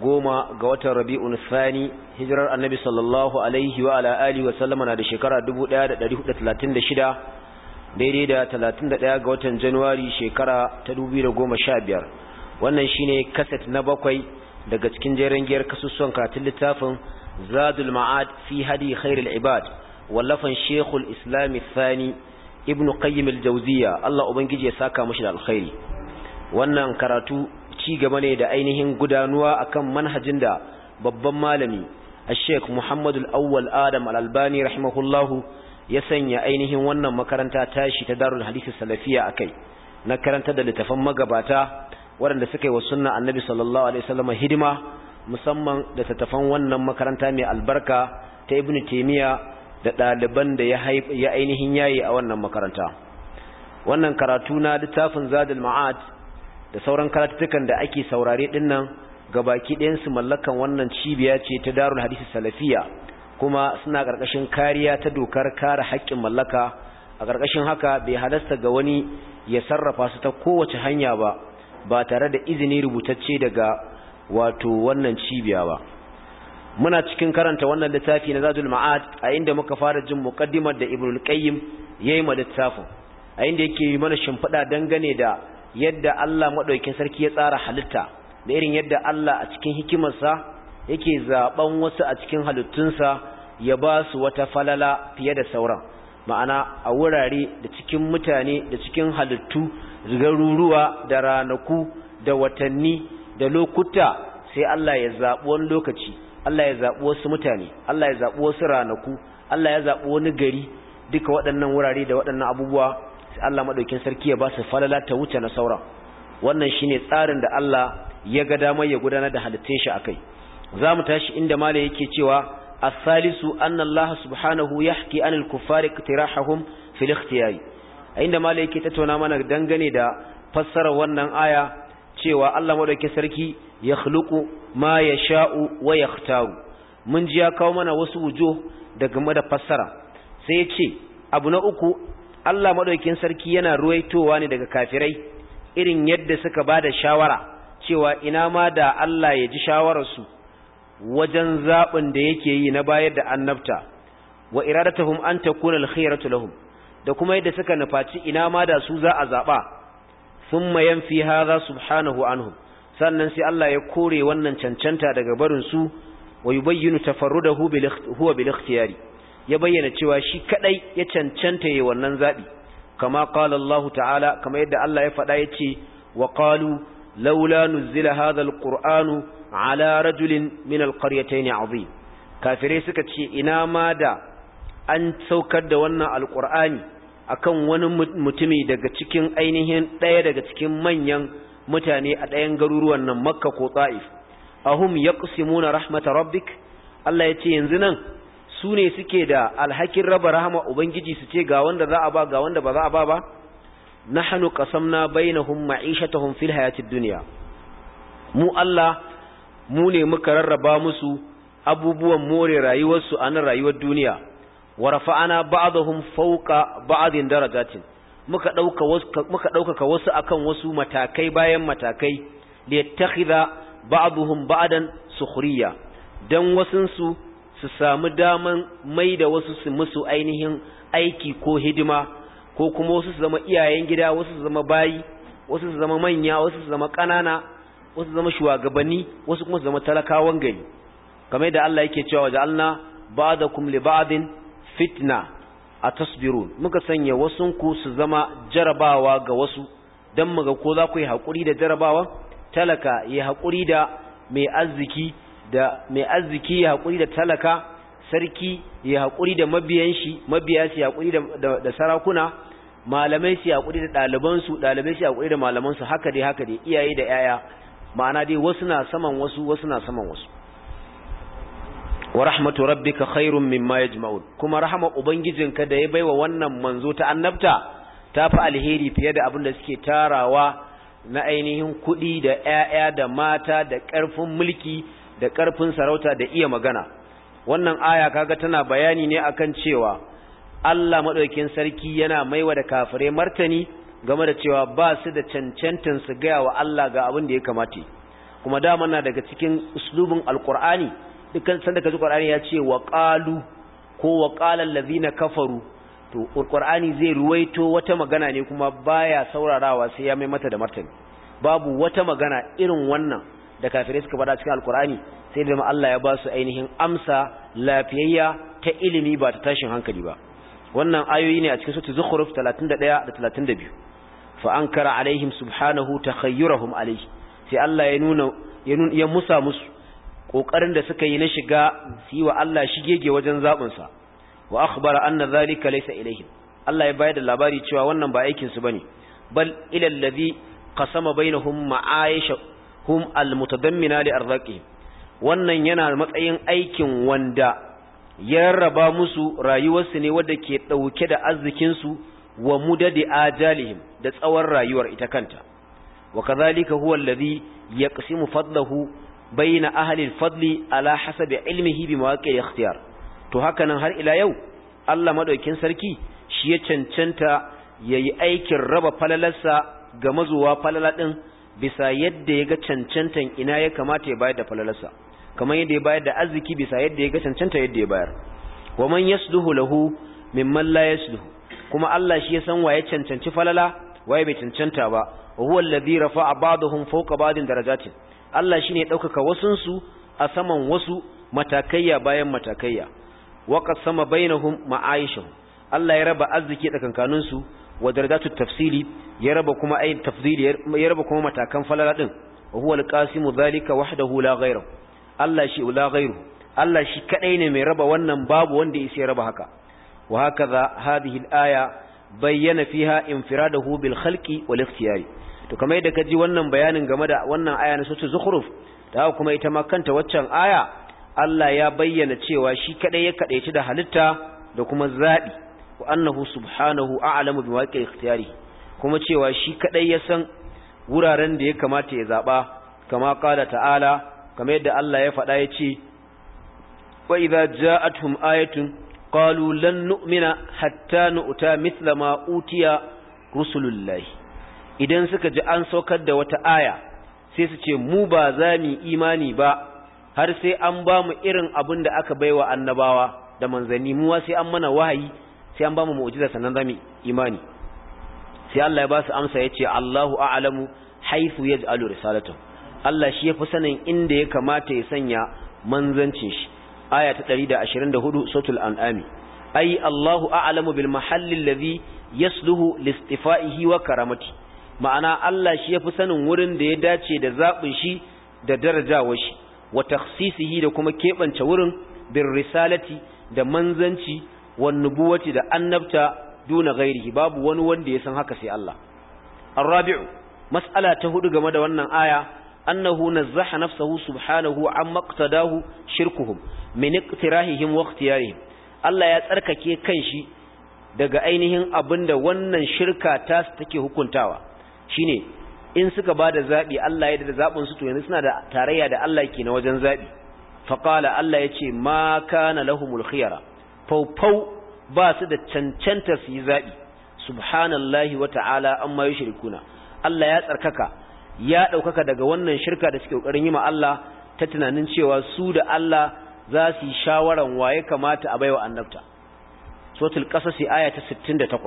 goma ga watan rabi'un Sani hijirar annabi sallallahu alaihi wa ala alihi wa sallama na da shekara 1436 daidai da 31 ga watan januwari shekara ta 2015 wannan shine kaset na bakwai daga cikin jerin giyar kasussuwan karatun littafin zadul ma'ad fi hadi khairul ibad wallafan shekul islami Sani, ibnu qayyim al-jawziya Allah ubangiji ya saka mashi da alkhairi wannan karatu ci gaba ne da ainihin gudanuwa akan manhajin da babban malami ashek muhammadu al Adam alalbani rahimahullahu ya sanya ainihin wannan makaranta tashi ta Darul salafiya Salafiyya kai. na karanta da litattafan magabata waɗanda suka yi wa sunna Annabi sallallahu alaihi wasallam hidima musamman da tattafan wannan makaranta mai albarka ta Ibn taimiya. da ɗaliban da ya ainihin yayi a wannan makaranta wannan karatu na littafin zadul ma'ad da sauran karatukan da ake saurare dinnan gabaki ɗayansu mallakan wannan cibiya ce ta darul hadisi salafiya kuma suna ƙarƙashin kariya ta dokar kare haƙƙin mallaka a ƙarƙashin haka bai halasta ga wani ya sarrafa su ta kowace hanya ba ba tare da izini rubutacce daga wato wannan cibiya ba muna cikin karanta wannan littafi na zadul ma'ad a inda muka fara jin muqaddimar da ibnul qayyim yayi ma littafin a inda yake mana shimfiɗa dangane da yadda Allah maɗaukin sarki ya tsara halitta da irin yadda Allah a cikin hikimarsa yake zaɓen wasu a cikin halittunsa ya ba su wata falala fiye da sauran ma'ana a wurare da cikin mutane da cikin halittu garuruwa da ranaku da watanni da lokuta sai Allah ya zaɓi wani lokaci Allah ya zaɓi wasu mutane Allah ya zaɓi wasu ranaku Allah ya zaɓi wani gari duka waɗannan wurare da waɗannan abubuwa Allah sarki ya ba su falala ta wuce na sauran wannan shine tsarin da Allah ya ga damar ya gudanar da halittun shi akai zamu tashi inda mala yake cewa as-salisu anna Allah subhanahu yahki anil kuffari iktirahahum fil ikhtiyari inda mala yake tattauna mana dangane da fassarar wannan aya cewa Allah maɗaukin sarki ya khluqu ma yasha'u wa yakhtaru mun ji ya kawo mana wasu wujuh da game da fassara sai ya ce abu na uku Allah maɗaukin sarki yana ruwaitowa ne daga kafirai irin yadda suka ba da shawara cewa ina ma da Allah ya ji shawararsu wajen zaɓin da yake yi na bayar da annabta wa iradatuhum an takuna alkhayratu lahum da kuma yadda suka nufaci ina ma da su za a zaɓa thumma yanfi hadha subhanahu anhum sannan sai Allah ya kore wannan cancanta daga barin su wa yubayyinu tafarrudahu da huwa bil ikhtiyari ya bayyana cewa shi kadai ya cancanta yi wannan zaɓi kama qala Allah ta'ala kama yadda Allah ya faɗa yace wa qalu laula nuzila hadha ƙuranu ala rajulin min alqaryatayn azim kafirai suka ce ina ma da an saukar da wannan alqur'ani akan wani mutumi daga cikin ainihin ɗaya daga cikin manyan mutane a ɗayan garuruwan nan makka ko tsa'if ahum yaqsimuna rahmata rabbik Allah ya ce yanzu nan su ne suke da alhakin raba rahama ubangiji su ce ga wanda za a ba ga wanda ba za a ba ba nahnu qasamna bainahum ma'ishatahum fil hayatid dunya mu Allah mu ne muka rarraba musu abubuwan more rayuwarsu a nan rayuwar duniya wa rafa'ana ba'dahum fawqa ba'din darajatin muka dauka wasu muka dauka wasu akan wasu matakai bayan matakai li yattakhidha ba'dhum ba'dan sukhriya dan su. su samu daman mai da wasu su musu ainihin aiki ko hidima ko kuma wasu su zama iyayen gida wasu su zama bayi wasu su zama manya wasu su zama ƙanana wasu su zama shugabanni wasu kuma su zama talakawan gari kamar da Allah yake cewa ja'alna ba'dakum li ba'din fitna atasbirun muka sanya wasunku su zama jarabawa ga wasu dan muga ko za ku yi hakuri da jarabawa talaka ya hakuri da mai arziki da mai arziki ya haƙuri da talaka sarki ya haƙuri da mabiyan shi mabiya su haƙuri da sarakuna malamai su haƙuri da ɗalibansu ɗalibai su haƙuri da malamansu haka dai haka dai iyaye da 'ya'ya ma'ana dai wasu na saman wasu wasu na saman wasu wa rahmatu rabbika khairum mimma yajma'un kuma rahama ubangijinka da ya baiwa wannan manzo ta annabta ta fi alheri fiye da abin da suke tarawa na ainihin kuɗi da 'ya'ya da mata da ƙarfin mulki da ƙarfin sarauta da iya magana wannan aya kaga tana bayani ne akan cewa Allah madaukakin sarki yana maiwa da kafirai martani game da cewa ba su da cancantan su gaya wa Allah ga abin da ya kamata kuma da na daga cikin uslubin alqur'ani dukkan sanda kaji qur'ani ya ce waqalu ko waqala allazina kafaru to alqur'ani zai ruwaito wata magana ne kuma baya saurarawa sai ya mai mata da martani babu wata magana irin wannan da kafirai suka bada cikin alkur'ani sai da Allah ya ba su ainihin amsa lafiyayya ta ilimi ba ta tashin hankali ba wannan ayoyi ne a cikin sura zukhruf 31 da 32 fa ankara alaihim subhanahu takhayyurahum alaihi sai Allah ya nuna ya musa musu kokarin da suka yi na shiga su yi wa Allah shigege wajen zabin sa wa akhbara anna zalika laysa ilaihim Allah ya bayar da labari cewa wannan ba aikin su bane bal ila allazi qasama bainahum ma'aisha hum almutadammina li arzaqi wannan yana matsayin aikin wanda ya raba musu rayuwarsu ne wadda ke dauke da arzikin su wa mudadi ajalihim da tsawon rayuwar ita kanta wa kadhalika huwa alladhi yaqsimu fadlahu bayna ahli alfadli ala hasabi ilmihi bi mawaqi' ikhtiyar to hakanan har ila yau Allah madaukin sarki shi ya cancanta yayi aikin raba falalarsa ga mazuwa falala din bisa yadda ya ga cancantan ina ya kamata ya bayar da falalarsa kamar yadda ya bayar da arziki bisa yadda ya ga cancanta yadda ya bayar wa man yasduhu lahu mimman la yasduhu kuma Allah shi ya san waye cancanci falala waye bai cancanta ba huwa alladhi rafa'a ba'dahum fawqa ba'din darajatin Allah shine ya daukaka wasun su a saman wasu matakayya bayan matakayya wa qasama bainahum ma'aishahum Allah ya raba arziki tsakankanin su wa darajatu tafsili ya raba kuma ayin tafdili ya raba kuma matakan falala din huwa alqasimu zalika wahdahu la ghayru Allah shi la ghayru Allah shi kadai ne mai raba wannan babu wanda yake raba haka wa hakaza hadhihi alaya bayyana fiha infiradahu bil khalqi wal ikhtiyari to kamar yadda kaji wannan bayanin game da wannan aya na sura zukhruf da kuma ita ma kanta waccan aya Allah ya bayyana cewa shi kadai ya kadaici da halitta da kuma zabi wa annahu subhanahu a'lamu bi waqi'i ikhtiyari kuma cewa shi kadai ya san wuraren da ya kamata ya zaba kama qala ta'ala kama yadda Allah ya faɗa ya ce wa idza ja'atuhum ayatun qalu lan nu'mina hatta nu'ta mithla ma utiya rusulullahi idan suka ji an saukar da wata aya sai su ce mu ba za mu imani ba har sai an ba mu irin abin da aka baiwa annabawa da manzanni mu sai an mana wahayi sai an ba mu mu'jiza sannan zamu imani sai Allah ya ba su amsa yace Allahu a'lamu haythu yaj'alu risalatahu Allah shi yafi sanin inda ya kamata ya sanya manzancin shi aya ta 124 suratul an'ami ai Allahu a'lamu bil mahalli alladhi yasluhu listifaihi wa karamati ma'ana Allah shi yafi sanin wurin da ya dace da zabin shi da darajawar shi wa takhsisihi da kuma kebance wurin bin risalati da manzanci wan nubuwati da annabta duna ghairihi babu wani wanda ya san haka sai Allah arabi'u matsala ta hudu game da wannan aya annahu nazzaha nafsahu subhanahu amma qtadahu shirkuhum min iqtirahihim wa ikhtiyarihim Allah ya tsarkake kanshi daga ainihin abinda wannan shirka ta take hukuntawa shine in suka bada zabi Allah ya da zabin su to yanzu suna da tarayya da Allah ke na wajen zabi faqala Allah yace ma kana lahumul khiyara faufau ba su da cancanta su yi zaɓi subhanallahi wa ta'ala amma yi shirkuna Allah ya tsarkaka ya ɗaukaka daga wannan shirka da suke ƙoƙarin yi ma Allah ta tunanin cewa su da Allah za su yi shawaran waye kamata a baiwa annabta suratul qasas aya ta 68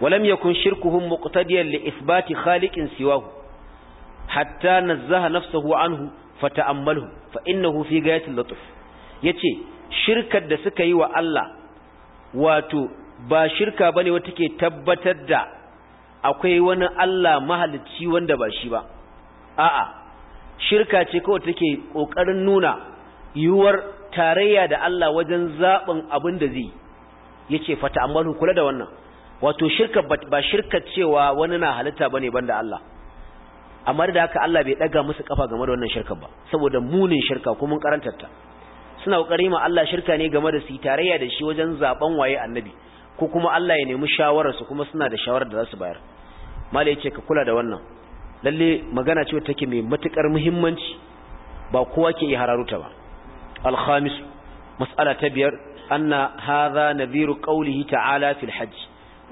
walam yakun shirkuhum muqtadiyan li isbati khaliqin siwahu hatta nazzaha nafsuhu anhu fata'ammalhu fa innahu fi ghayatil latf yace shirkar da suka yi wa Allah wato ba shirka bane wata ke tabbatar da akwai wani Allah mahalicci wanda ba shi ba a'a shirka ce kawai take kokarin nuna yiwuwar tarayya da Allah wajen zaɓin abin da zai yace fata amma kula da wannan wato shirka ba shirka cewa wani na halitta bane banda Allah amma da haka Allah bai ɗaga musu kafa game da wannan shirka ba saboda munin shirka kuma mun karantar ta suna kokari ma Allah shirka ne game da su tarayya da shi wajen zaben waye annabi ko kuma Allah ya nemi shawararsu su kuma suna da shawarar da za su bayar malai yace ka kula da wannan lalle magana ce take mai matukar muhimmanci ba kowa ke yi hararuta ba al-khamis mas'ala ta biyar anna hadha nadhiru qawlihi ta'ala fil hajj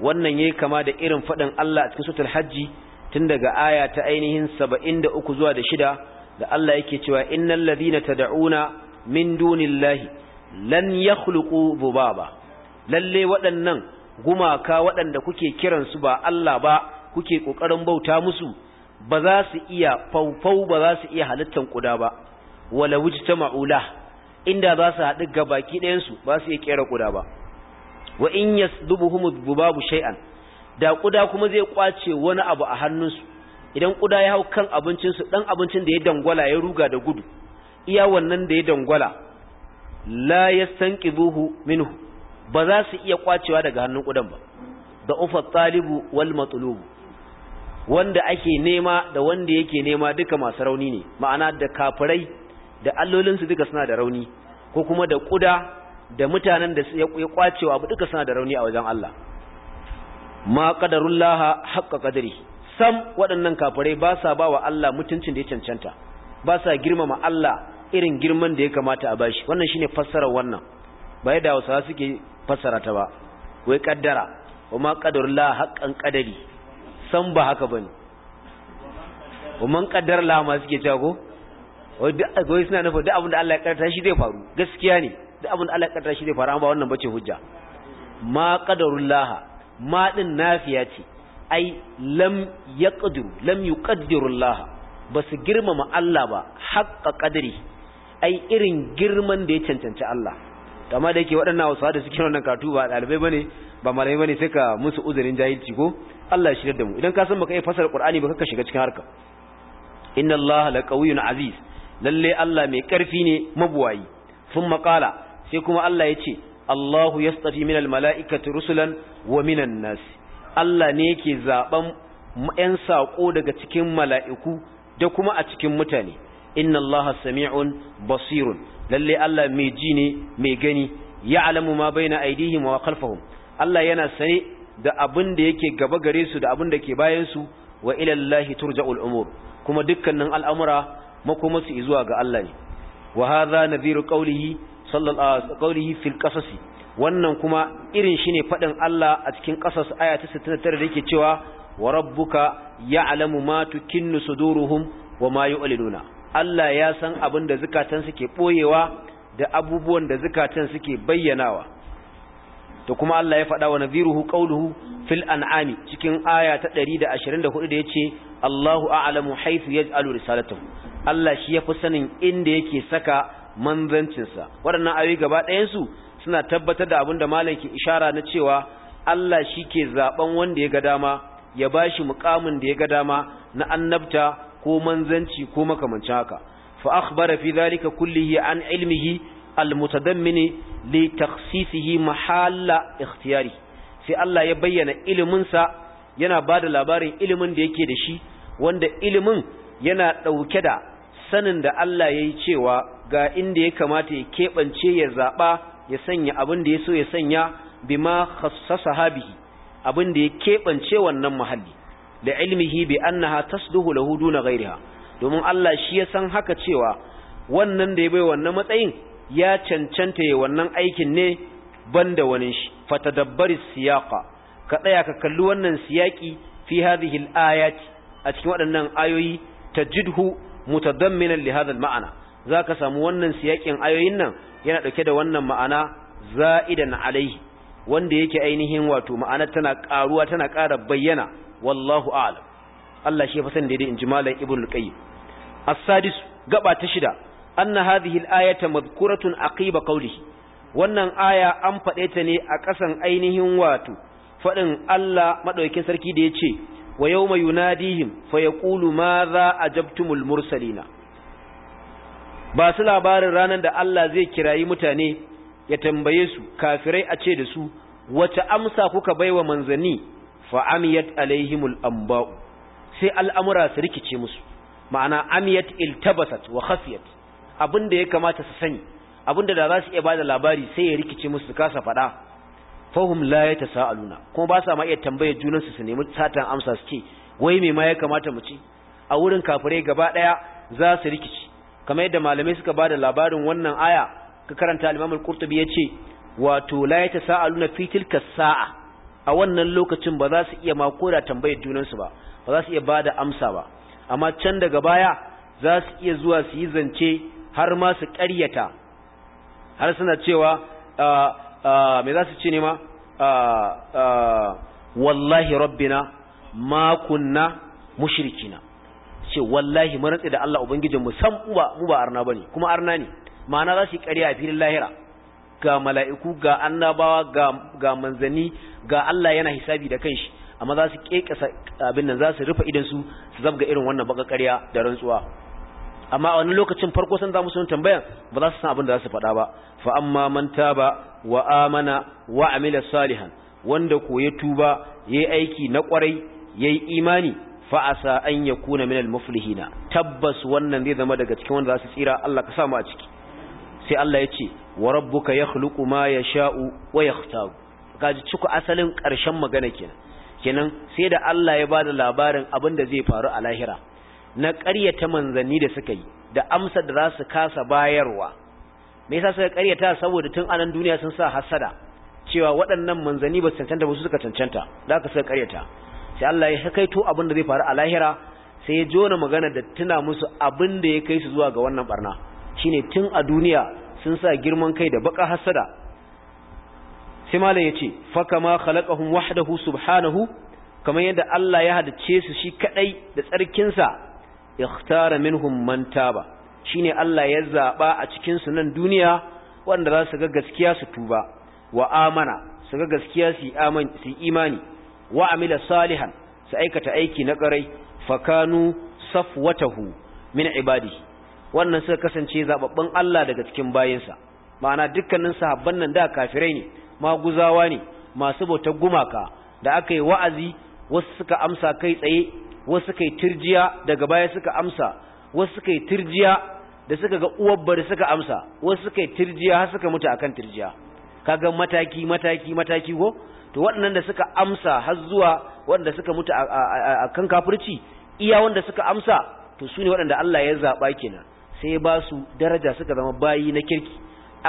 wannan yayi kama da irin fadin Allah a cikin suratul hajji tun daga aya ta ainihin 73 zuwa da shida da Allah yake cewa innal ladina tad'una min dunillahi lan yakhluqu dhubaba lalle waɗannan gumaka waɗanda kuke kiransu ba Allah ba kuke kokarin bauta musu ba za su iya faufau ba za su iya halittar kuda ba wala wujtama'u la inda za su haɗu ga ɗayan su ba su iya kera kuda ba wa in yasdubuhum dhubabu shay'an da kuda kuma zai kwace wani abu a hannunsu idan kuda ya hau kan abincinsu dan abincin da ya dangwala ya ruga da gudu iya wannan da ya dangwala la kibuhu minhu ba za su iya kwacewa daga hannun kudan ba da ufa talibu wal matlubu wanda ake nema da wanda yake nema duka masu rauni ne ma'ana da kafirai da allolinsu duka suna da rauni ko kuma da ƙuda da mutanen da ya kwacewa abu duka suna da rauni a wajen Allah ma Laha haqqa qadri sam waɗannan kafirai ba sa ba wa Allah mutuncin da ya cancanta ba sa girmama Allah irin girman da ya kamata a bashi wannan shine fassarar wannan ba yadda wasu suke fassara ta ba wai kaddara kuma qadarullah haqqan qadari san ba haka bane kuma qaddar la ma suke cewa ko wai duk suna nufin duk abin da Allah ya karanta shi zai faru gaskiya ne duk abin da Allah ya karanta shi zai faru amma wannan bace hujja ma qadarullah ma din nafiya ce ai lam yaqdiru lam yuqaddirullah ba su girmama Allah ba haƙƙa ƙadiri ai irin girman da ya cancanci Allah kamar da yake waɗannan hausawa da suke wannan karatu ba ɗalibai bane ba malamai bane sai ka musu uzurin jahilci ko Allah ya shirya da mu idan ka san baka iya fasar Qur'ani ba ka shiga cikin harka inna Allah na aziz lalle Allah mai karfi ne mabuwayi thumma qala sai kuma Allah ya ce Allahu yastafi minal mala'ikati rusulan wa minan nas Allah ne yake zaben 'yan sako daga cikin mala'iku da kuma a cikin mutane inna allaha sami'un basirun lalle Allah mai ji ne mai gani ya'lamu ma baina aydihim wa khalfahum Allah yana sane da abin da yake gaba gare su da abin da ke bayansu su wa ila turja'ul umur kuma dukkanin al'amura makomarsu zuwa ga Allah ne wa hadha nadhiru qawlihi sallallahu qawlihi fil qasasi wannan kuma irin shine fadin Allah a cikin qasas aya ta 69 da yake cewa wa rabbuka ya'lamu ma tukinnu suduruhum wa ma yu'linuna Allah ya san abin da zukatan suke boyewa da abubuwan da zukatan suke bayyanawa to kuma Allah ya faɗa wa nadhiruhu qawluhu fil an'ami cikin aya ta 124 da yace Allahu a'lamu haythu yaj'alu risalatahu Allah shi ya fi sanin inda yake saka sa waɗannan ayoyi gaba ɗayan su suna tabbatar da abin da malam ke ishara na cewa Allah shi ke zaben wanda ya ga dama ya bashi mukamin da ya ga dama na annabta ko manzanci ko makamancin haka fa akhbara fi dhalika kullihi an ilmihi almutadammin li takhsisihi mahalla ikhtiyari sai Allah ya bayyana ilimin sa yana bada labarin ilimin da yake da shi wanda ilimin yana dauke da sanin da Allah yayi cewa ga inda ya kamata ya kebance ya zaba ya sanya abin da ya so ya sanya bima khassasa habihi abin da ya kebance wannan muhalli. da ilmihi bi annaha tasduhu lahu duna ghayriha domin Allah shi ya san haka cewa wannan da ya bai wannan matsayin ya cancanta ya wannan aikin ne banda wani shi fatadabbari siyaqa ka tsaya ka kalli wannan siyaki fi hadhihi al-ayat a cikin waɗannan ayoyi tajidhu mutadamminan li hadha al-ma'ana zaka samu wannan siyakin ayoyin nan yana dauke da wannan ma'ana za'idan alaihi wanda yake ainihin wato ma'anar tana karuwa tana ƙara bayyana wallahu a'lam Allah shi ya fasan daidai ji malam ibnu qayyim as-sadis gaba ta shida anna hadhihi al-ayata madhkuratun aqiba qawlihi wannan aya an faɗe ta ne a ƙasan ainihin wato faɗin Allah madaukin sarki da yace wa yawma yunadihim fa yaqulu madha ajabtumul mursalina ba su labarin ranar da Allah zai kirayi mutane ya tambaye su kafirai a ce da su wace amsa kuka baiwa manzanni fa alaihimul amba'u sai al'amura su rikice musu ma'ana amiyat iltabasat wa khafiyat da ya kamata su sani abin da za su iya ba da labari sai ya rikice musu su kasa faɗa fahum la sa’aluna kuma ba sa ma iya tambayar junansu su nemi satan amsa suke. wai mai ma ya kamata mu ci a wurin kafirai gaba ɗaya za su rikici kamar yadda malamai suka ba da labarin wannan aya ka karanta alimamul kurtubi ya ce? wato la yatasaaluna fi fitilka sa'a a wannan lokacin ba za su iya ma koda tambayar junansu ba ba za su iya bada amsa ba amma can daga baya za su iya zuwa su yi zance har ma su ƙaryata har suna cewa me za su ce ne ma wallahi rabbina ma kunna mushrikina ce wallahi mun rantsa da Allah ubangijinmu mu san uba mu ba arna bane kuma arna ne ma'ana za su yi ƙarya a filin lahira ga mala'iku ga annabawa ga manzani ga Allah yana hisabi da kanshi amma za su kekasa abin nan za su rufe idan su su zabga irin wannan baka ƙarya da rantsuwa amma a wani lokacin farko san za mu san tambayan ba za su san abin da za su faɗa ba fa amma man taba wa amana wa amila salihan wanda ko ya tuba yayi aiki na kwarai yayi imani fa asa an yakuna minal na tabbas wannan zai zama daga cikin wanda za su tsira Allah ka sa mu a ciki sai Allah ya ce wa rabbuka yakhluqu ma yasha'u wa yakhtar kaji ciku asalin ƙarshen magana kenan kenan sai da Allah ya bada labarin abin da zai faru a lahira na ƙaryata manzanni da suka yi da amsar da za kasa bayarwa me yasa suka ƙaryata saboda tun anan duniya sun sa hasada cewa waɗannan manzanni ba su cancanta ba su suka cancanta da ka suka ƙaryata sai Allah ya hakaito abin da zai faru a lahira sai ya jona magana da tuna musu abin da ya kai su zuwa ga wannan barna shine tun a duniya sun sa girman kai da baka hasada sai malam yace fa kama khalaqahum wahdahu subhanahu kamar yadda Allah ya hadace su shi kadai da tsarkin sa ikhtara minhum man taba shine Allah ya zaba a cikin su nan duniya wanda za su ga gaskiya su tuba wa amana su ga gaskiya su su imani wa amila salihan su aikata aiki na ƙarai fakanu safwatahu min ibadihi wannan suka kasance zababban Allah daga cikin bayinsa ma'ana dukkanin sahabban nan da kafirai ne maguzawa ne masu bautar gumaka da aka yi wa'azi wasu suka amsa kai tsaye wasu suka yi turjiya daga baya suka amsa wasu suka yi turjiya da suka ga uwar bari suka amsa wasu suka yi turjiya har suka mutu akan turjiya kaga mataki mataki mataki ko to waɗannan da suka amsa har zuwa waɗanda suka mutu akan kafirci iya wanda suka amsa to su ne waɗanda Allah ya zaɓa kenan sai ba su daraja suka zama bayi na kirki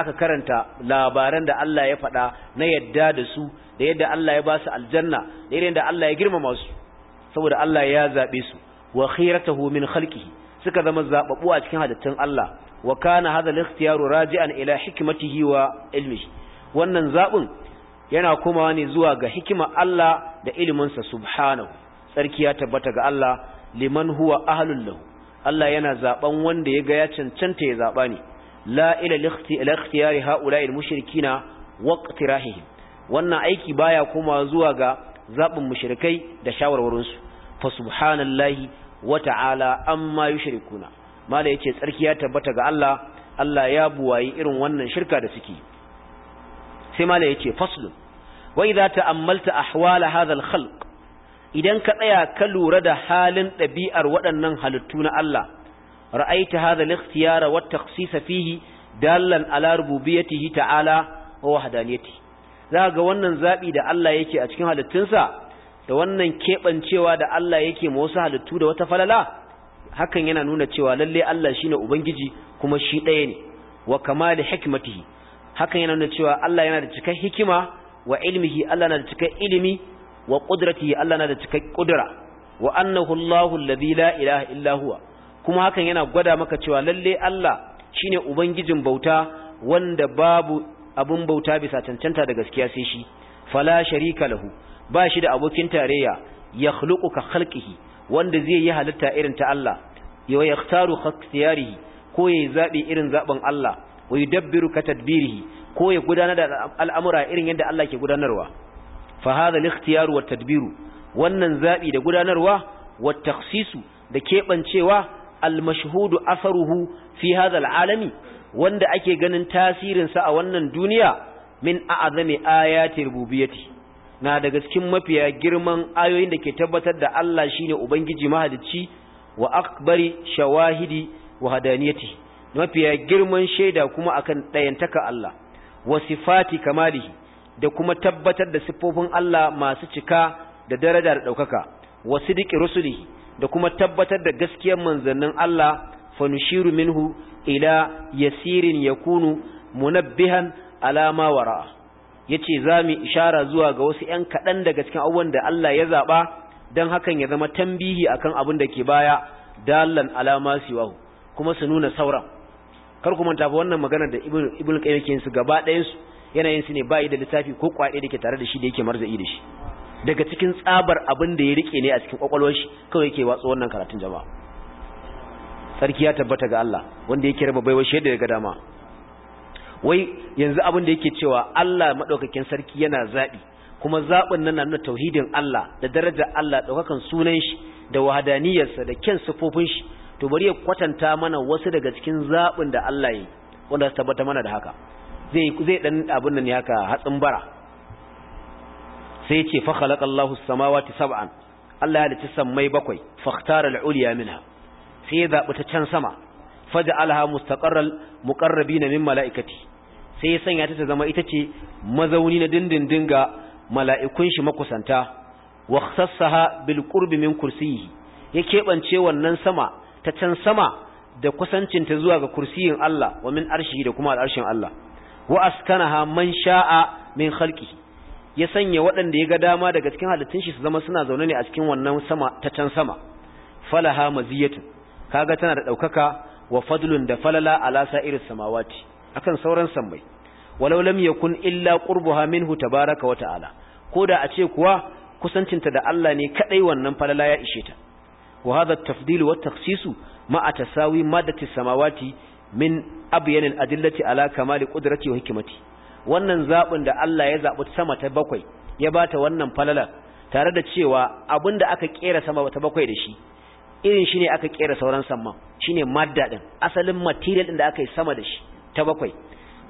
aka karanta labaran da Allah ya faɗa na yadda da su da yadda Allah ya ba su aljanna da yadda Allah ya girmama su saboda Allah ya zaɓe su wa khiratahu min khalqihi suka zama zababbu a cikin halittun Allah wa kana hadha al-ikhtiyaru raji'an ila hikmatihi wa ilmihi wannan zabin yana komawa ne zuwa ga hikima Allah da iliminsa subhanahu Sarki ya tabbata ga Allah liman huwa ahlul lahu Allah yana zaben wanda ya ga ya cancanta ya zaba ne la ila likhtiyari haula'il mushrikina wa wannan aiki baya koma zuwa ga zabin mushrikai da shawarwarin su fa subhanallahi wa ta'ala amma yushrikuna mala yace tsarki ya tabbata ga Allah Allah ya buwayi irin wannan shirka da suke sai mala yace faslun wa idza ta'ammalta ahwala hadha al-khalq idan ka tsaya ka lura da halin ɗabi'ar waɗannan halittu na Allah ra'aita hadha al-ikhtiyara wa at-takhsis fihi dallan ala rububiyyatihi ta'ala wa Za zaka ga wannan zabi da Allah yake a cikin halittunsa da wannan kebancewa da Allah yake ma wasu halittu da wata falala hakan yana nuna cewa lalle Allah shine ubangiji kuma shi ɗaya ne wa kamal hikmatihi hakan yana nuna cewa Allah yana da cikar hikima wa ilmihi Allah yana da cikar ilimi wa qudratihi Allah na da cikakken ƙudura wa annahu Allahu alladhi la ilaha illa huwa kuma hakan yana gwada maka cewa lalle Allah shine ubangijin bauta wanda babu abun bauta bisa cancanta da gaskiya sai shi fala sharika lahu ba shi da abokin tarayya yakhluqu ka khalqihi wanda zai yi halitta irin ta Allah ya yaktaru khaktiyarihi ko ya zabi irin zaben Allah wa yudabbiru ka tadbirihi ko ya gudanar da al'amura irin yadda Allah ke gudanarwa fa hadha al wa tadbiru, wannan zabi da gudanarwa wa takhsisu da kebancewa al-mashhudu atharuhu fi hadha alami wanda ake ganin tasirin sa a wannan duniya min a'zami ayati rububiyyati na daga cikin mafiya girman ayoyin da ke tabbatar da Allah shine ubangiji Mahadici wa akbari shawahidi wa hadaniyati mafiya girman shaida kuma akan dayantaka Allah wa sifati kamalihi da kuma tabbatar da siffofin Allah masu cika da daraja da ɗaukaka wa sidiki rusuli da kuma tabbatar da gaskiyar manzannin Allah fanushiru minhu ila yasirin yakunu munabbihan alama wara yace zamu ishara zuwa ga wasu 'yan kaɗan daga cikin abubuwan da Allah ya zaɓa don hakan ya zama tambihi akan abin da ke baya dalan alama siwahu kuma su nuna sauran kar ku manta wannan magana da ibn ibn Kayyakin su gaba ɗayan yanayin su ne bayi da littafi ko kwaɗe da ke tare da shi da yake marza'i da shi daga cikin tsabar abin da ya rike ne a cikin kwakwalwar shi kawai yake watsa wannan karatun jama'a sarki ya tabbata ga Allah wanda yake raba baiwar shi yadda ya ga dama wai yanzu abin da yake cewa Allah madaukakin sarki yana zaɓi, kuma zaɓin nan na nuna tauhidin Allah da darajar Allah daukakan sunan shi da wahadaniyarsa da kyan sifofin shi to bari ya kwatanta mana wasu daga cikin zabin da Allah yi wanda su tabbata mana da haka zai zai dan abin nan haka hatsin bara sai ya ce fa khalaqallahu as-samawati sab'an Allah ya halicci sammai bakwai fakhtara al-ulya minha sai ya zabi ta can sama faj'alha mustaqarral muqarrabina min mala'ikati sai ya sanya ta ta zama ita ce mazauni na dindindin ga mala'ikun shi makusanta wa khassaha bil qurbi min ya keɓance wannan sama ta can sama da kusancinta zuwa ga kursiyin Allah wa min arshi da kuma al'arshin Allah wa askanaha man sha'a min khalqi ya sanya waɗanda ya ga dama daga cikin halittun shi su zama suna zaune ne a cikin wannan sama ta can sama falaha maziyatun kaga tana da daukaka wa fadlun da falala ala irin samawati akan sauran sammai walau lam yakun illa qurbuha minhu tabaraka wa ta'ala koda a ce kuwa kusancinta da Allah ne kadai wannan falala ya ishe ta wa hadha at-tafdil wa at-takhsis ma atasawi madati samawati min abyanin adillati ala kamali qudrati wa hikmati wannan zabin da Allah ya zabi sama ta bakwai ya bata wannan falala tare da cewa abinda aka kera sama ta bakwai da shi irin shine aka kera sauran saman. shine madda din asalin material din da aka yi sama da shi ta bakwai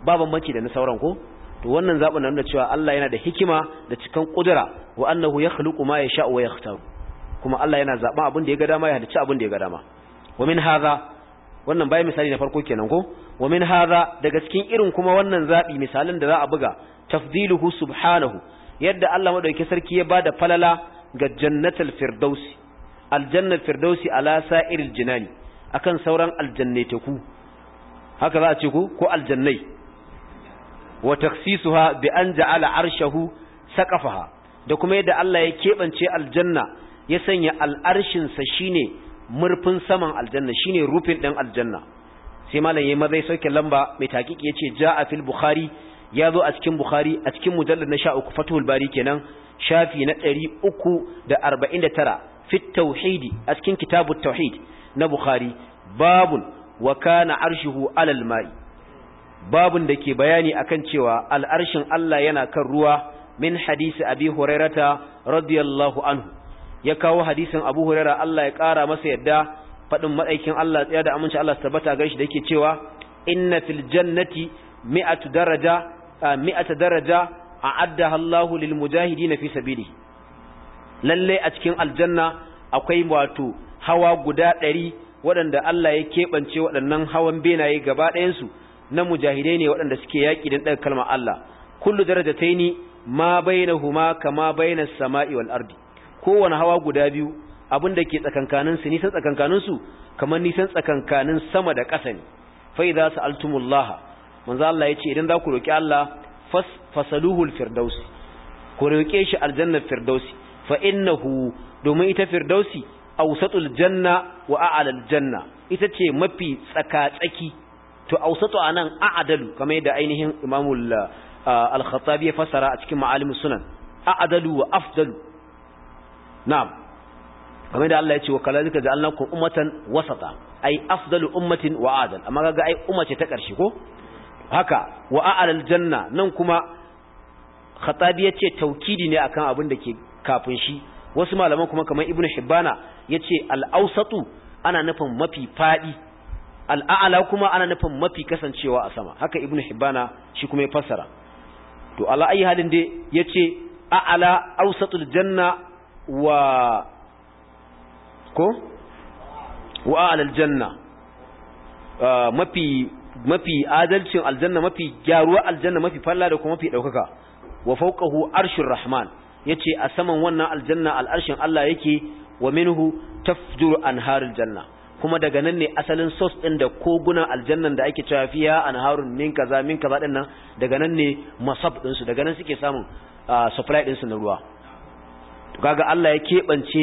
ba bambanci da na sauran ko to wannan zabin nan da cewa Allah yana da hikima da cikan kudura wa annahu yakhluqu ma yasha wa yakhtar kuma Allah yana zaba abin da ya ga dama ya halicci abin da ya ga dama wa min hadha wannan bayan misali na farko kenan ko wa min hadha daga cikin irin kuma wannan zabi misalan da za a buga tafdiluhu subhanahu yadda Allah madauki sarki ya bada falala ga jannatul firdausi aljannatul firdausi ala sa'iril jinani akan sauran aljannataku haka za a ce ku, ko aljannai wa taksisuha bi an ja'ala arshahu saqafaha da kuma yadda Allah ya kebance aljanna ya sanya al'arshin sa shine murfin saman aljanna shine rufin ɗin aljanna sai malam yayi mazai sauke lamba mai takiki yace ja'a fil bukhari ya zo a cikin bukhari a cikin mujallad na 13 fathul bari kenan shafi na 349 fit tauhidi a cikin kitabut tauhid na bukhari babun wa kana arshuhu alal mai babun da ke bayani akan cewa al'arshin Allah yana kan ruwa min hadisi abi hurairata radiyallahu anhu ya kawo hadisin Abu Hurairah Allah ya kara masa yadda faɗin madaikin Allah tsaya da aminci Allah tabbata gare shi da yake cewa inna fil jannati mi'atu daraja a daraja a'adda Allahu lil mujahidin fi sabili lalle a cikin aljanna akwai wato hawa guda 100 waɗanda Allah ya keɓance waɗannan hawan benaye gaba ɗayansu na mujahidai ne waɗanda suke yaƙi don ɗaga kalmar Allah kullu darajataini ma bainahuma kama bainas sama'i wal ardi kowane hawa guda biyu abin da ke tsakankanin nisan tsakankanin kamar nisan tsakankanin sama da ƙasa ne fa idza altumullaha manzo Allah ce idan za ku roƙi Allah fasaluhu fasaluhul firdausi ku roke shi aljannar firdausi fa innahu domin ita firdausi awsatul janna wa a'lal ita ce mafi tsakatsaki to awsatu anan a'dalu kamar yadda ainihin imamul ah, al-khattabi ya fasara a cikin ma'alimus sunan a'dalu wa afdalu na'am kamar da Allah ya ce wa kalazika ja'alnakum ummatan wasata ai afdalu ummatin wa adal amma kaga ai umma ta karshe ko haka wa a'al janna nan kuma khatabi yace taukidi ne akan abin da ke kafin shi wasu malaman kuma kamar ibnu hibbana yace al-awsatu ana nufin mafi fadi al'a'ala kuma ana nufin mafi kasancewa a sama haka ibnu hibbana shi kuma ya fassara to ala ayi halin dai yace a'ala awsatul janna wa ko wa alal ah, mafi mafi adalcin aljanna mafi gyaruwa aljanna mafi falla da kuma mafi daukaka wa fawqahu arshur rahman yace a saman wannan aljanna al'arshin Allah yake wa minhu tafjuru anharul janna kuma daga nan ne asalin source din da kogunan aljannan da ake cewa fiya anharun min kaza min kaza din nan daga nan ne masab din su daga nan suke samun ah, supply din su na ruwa kaga Allah ya keɓance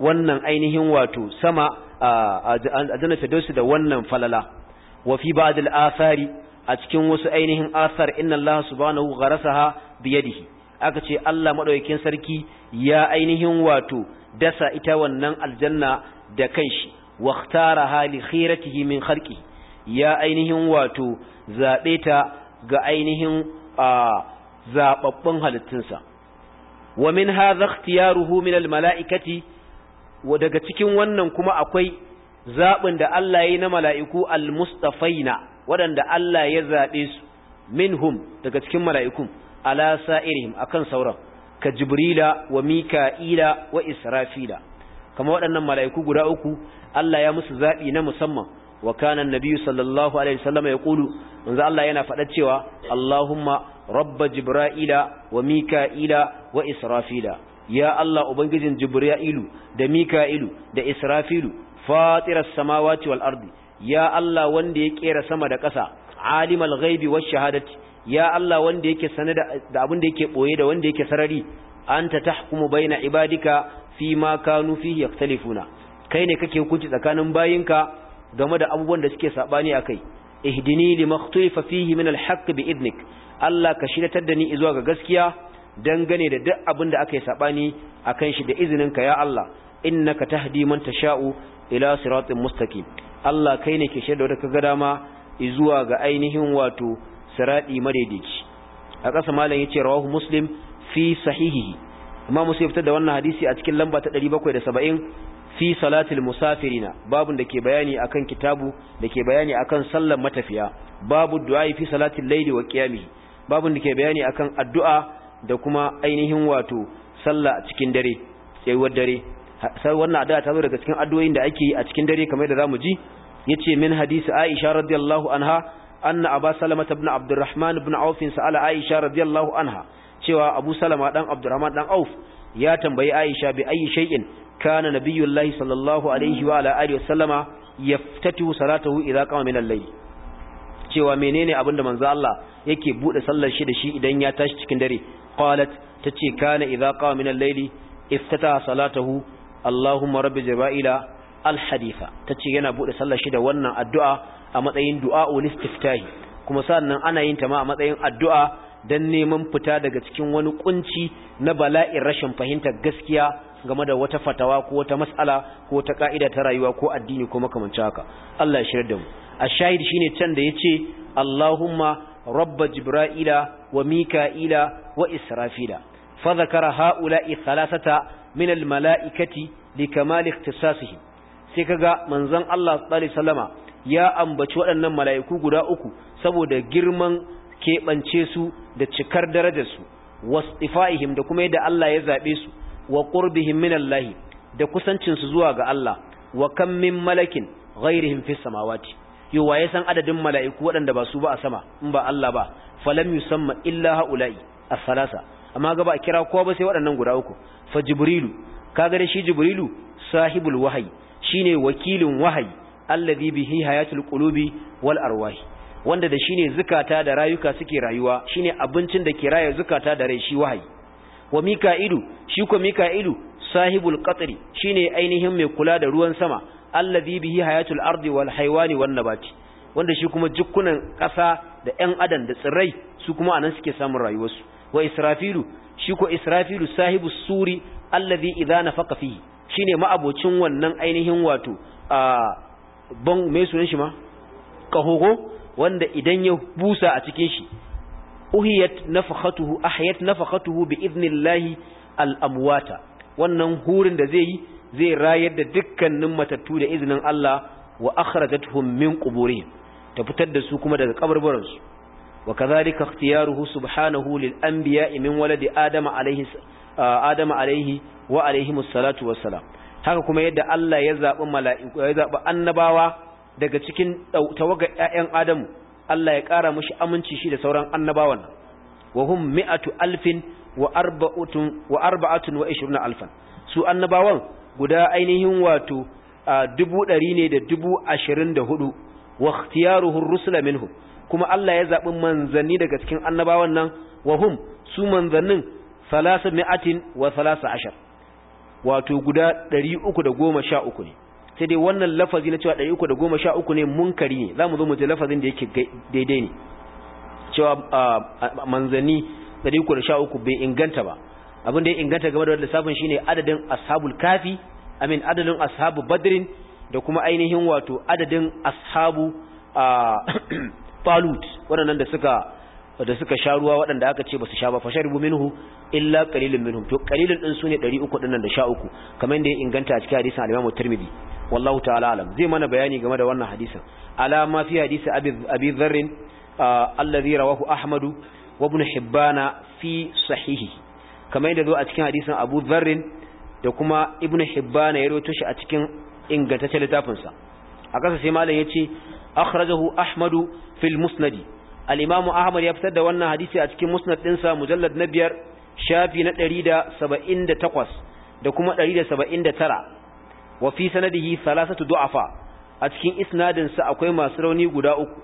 wannan ainihin wato sama a jannar firdausi da wannan falala wa fi da athari a cikin wasu ainihin asar inna Allah subhanahu gharasaha biyadihi aka ce Allah madaukakin sarki ya ainihin wato dasa ita wannan aljanna da kanshi waktara hali khiratihi min kharqi ya ainihin wato zaɓe ta ga ainihin zaɓaɓɓun halittunsa wa min hadha ikhtiyaruhu min almalaikati wa daga cikin wannan kuma akwai zabin da Allah yayi na mala'iku almustafaina waɗanda Allah ya zabe su minhum daga cikin mala'ikun ala sa'irihim akan sauran ka jibrila wa mika'ila wa israfila kamar waɗannan mala'iku guda uku Allah ya musu zaɓi na musamman wa kana annabi sallallahu alaihi wasallam yaqulu manzo Allah yana faɗa cewa Allahuma rabba jibra'ila wa mika'ila wa israfila ya Allah ubangijin jibra'ilu da mika'ilu da israfilu fatiras samawati wal ardi ya Allah wanda ya kera sama da ƙasa alimal ghaibi wash shahadati ya Allah wanda yake sanar da abin da yake ɓoye da wanda yake sarari anta tahkumu baina ibadika fi ma kanu fihi yaktalifuna kai ne kake hukunci tsakanin bayinka game da abubuwan da suke sabani akai ihdini limakhtufa fihi min alhaq bi idnik Allah ka shiratar da ni zuwa ga gaskiya dangane da duk abin da aka yi sabani akan shi da izininka ya Allah innaka tahdi man tasha'u ila siratin mustaqim Allah kai ne ke shaida da kaga dama zuwa ga ainihin wato sirati madaidaici a ƙasa malam yace rawahu muslim fi sahihihi amma muslim fitar da wannan hadisi a cikin lamba ta 770 fi salatul musafirina babun da ke bayani akan kitabu da ke bayani akan sallar matafiya babu du'a fi salatil layli wa qiyamihi babun da ke bayani akan addu'a da kuma ainihin wato sallah cikin dare tsayuwar dare sai wannan addu'a ta zo daga cikin addu'o'in da ake yi a cikin dare kamar da zamu ji yace min hadisi Aisha radiyallahu anha anna Abu Salama ibn Abdurrahman ibn Auf sa'ala Aisha radiyallahu anha cewa Abu Salama dan Abdurrahman dan Auf ya tambayi Aisha bi ayi shay'in kana nabiyullahi sallallahu alaihi wa ala alihi wasallama yaftatu salatahu idza qama min al-layl cewa menene da manzo Allah yake bude sallar shi da shi idan ya tashi cikin dare qalat tace kana idza qama min al-layli iftata salatahu allahumma rabbi jabaila al-hadifa tace yana bude sallar shi da wannan addu'a a matsayin du'a ul kuma sannan ana yin ta ma a matsayin addu'a dan neman fita daga cikin wani kunci na bala'in rashin fahimtar gaskiya game da wata fatawa ko wata mas'ala ko wata ka'ida ta rayuwa ko addini ko makamancin haka Allah ya shirya da mu ashahid shine can da yace Allahumma rabba jibra'ila wa mika'ila wa israfila fa zakara ha'ula'i thalathata min al-mala'ikati likamal ikhtisasihim sai kaga manzon Allah sallallahu alaihi ya ambaci waɗannan mala'iku guda uku saboda girman keɓance su da cikar darajarsu wasɗifa'ihim da kuma yadda Allah ya zaɓe su wa qurbihim min Allah da kusancin su zuwa ga Allah wa kam min malakin ghairihim fi samawati yo waye san adadin mala'iku waɗanda ba su ba a sama in ba Allah ba falam yusamma illa haula'i as-salasa amma ga ba kira kowa ba sai waɗannan guda uku fa jibrilu kaga da shi jibrilu sahibul wahayi shine wakilin wahayi alladhi bihi hayatul qulubi wal arwahi wanda da shine zukata da rayuka suke rayuwa shine abincin da ke raye zukata da rai shi wahayi wa mika'ilu shi ko mika'ilu sahibul qatri shine ainihin mai kula da ruwan sama allazi bihi hayatul ardi wal haywani wan nabati wanda shi kuma jukkunan ƙasa da ƴan adam da tsirrai su kuma anan suke samun rayuwarsu wa israfilu shi ko israfilu sahibu suri allazi idza nafaqa fihi shine ma'abocin wannan ainihin wato a ban me sunan shi ma kahogo wanda idan ya busa a cikin shi uhiyat nafakhatuhu ahyat nafakhatuhu bi idnillahi al-amwata wannan hurin da zai yi zai rayar da dukkanin matattu da izinin Allah wa akhrajatuhum min quburihim ta fitar da su kuma daga kabarbaran su wa kadhalika ikhtiyaruhu subhanahu lil anbiya'i min waladi adama alayhi adama alayhi wa alayhi musallatu wassalam haka kuma yadda Allah ya zabi mala'iku ya zabi annabawa daga cikin tawaga ƴaƴan adamu Allah ya ƙara mashi aminci shi da sauran annabawan wa hum mi'atu alfin wa arba'atun wa arba'atun wa ishruna alfan su annabawan guda ainihin wato dubu ɗari ne da dubu ashirin da hudu wa ikhtiyaruhur rusula minhu kuma Allah ya zaɓi manzanni daga cikin annabawan nan wa hum su manzannin salasa mi'atin wa salasa ashar wato guda ɗari uku da goma sha uku ne sai dai wannan lafazi na cewa 313 ne munkari ne za mu zo mu je lafazin da yake daidai ne cewa manzani 313 bai inganta ba abin da ya inganta game da lissafin shine adadin ashabul kafi amin adadin ashabu badrin da kuma ainihin wato adadin ashabu falut waɗannan da suka da suka sha ruwa waɗanda aka ce ba su sha ba rubu minhu illa qalilun minhum to qalilun din sune 300 nan da uku kamar inda ya inganta a cikin hadisin al-Imam Tirmidhi wallahu ta'ala alam zai mana bayani game da wannan hadisin alama fi hadisi abi dharr alladhi rawahu ahmadu wa ibn hibbana fi sahihi kamar yadda zo a cikin hadisin abu dharr da kuma ibn hibbana ya rawaito shi a cikin ingantaccen littafin sa a kasa sai malam yace akhrajahu ahmadu fil musnadi al ahmad ya fitar da wannan hadisi a cikin musnad dinsa mujallad na biyar shafi na 178 da kuma 179 wa fi sanadihi salasatu du'afa a cikin isnadin sa akwai masu rauni guda uku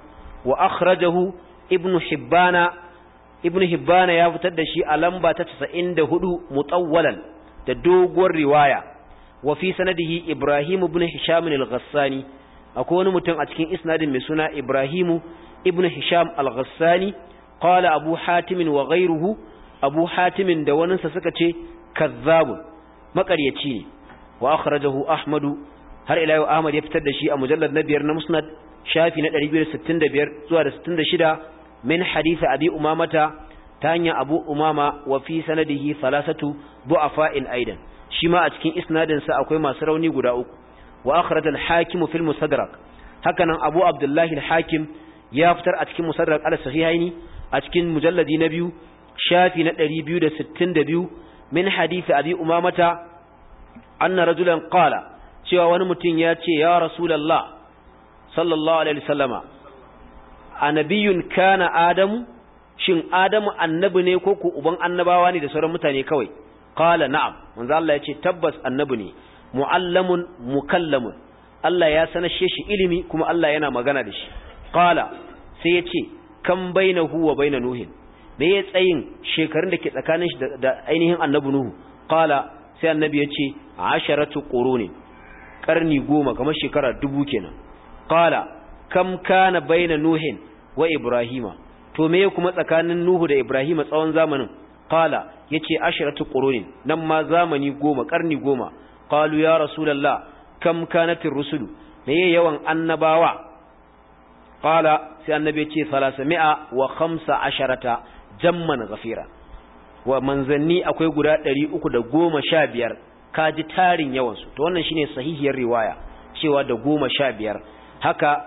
wa akhrajahu ibnu hibbana ibn hibbana ya fitar da shi a lamba ta 94 mutawwalan da doguwar riwaya wa fi sanadihi ibrahim ibn hisham al-ghassani akwai wani mutum a cikin isnadin mai suna ibrahim ibn hisham al-ghassani qala abu hatim wa ghayruhu abu hatim da waninsa suka ce kazzabun makaryaci ne wa akhrajahu Ahmadu har ila yau ahmad ya fitar da shi a mujallad na biyar na musnad shafi na 265 zuwa da 66 min hadith abi umamata ta hanyar abu umama wa fi sanadihi salasatu du'afa'in aidan shi ma a cikin isnadin sa akwai masu rauni guda uku wa akhraj al-hakim fi al hakanan abu abdullahi al-hakim ya fitar a cikin mustadrak al-sahihaini a cikin mujalladi na biyu shafi na 262 min hadisi abi umamata anna rajulan qala cewa wani mutum ya ce ya rasulullah sallallahu alaihi wasallama anabiyun kana adamu shin adamu annabi ne ko ku uban annabawa ne da sauran mutane kawai qala na'am manzo Allah ya ce tabbas annabi ne muallamun mukallamun Allah ya sanashe shi ilimi kuma Allah yana magana da shi qala sai ya ce kan bainahu wa baina nuhin me ya tsayin shekarun da ke tsakanin shi da ainihin annabi nuhu qala sai annabi ya ce asharatu quruni karni goma kamar shekara dubu kenan qala kam kana baina nuhin wa ibrahima to me kuma tsakanin nuhu da ibrahima tsawon zamanin qala yace asharatu quruni nan ma zamani goma karni goma qalu ya rasulullah kam kanatir rusulu me yawan annabawa qala sai annabi yace 315 jamman ghafira wa manzanni akwai guda 315 ka ji tarin yawansu to wannan shine sahihiyar riwaya cewa da goma sha biyar haka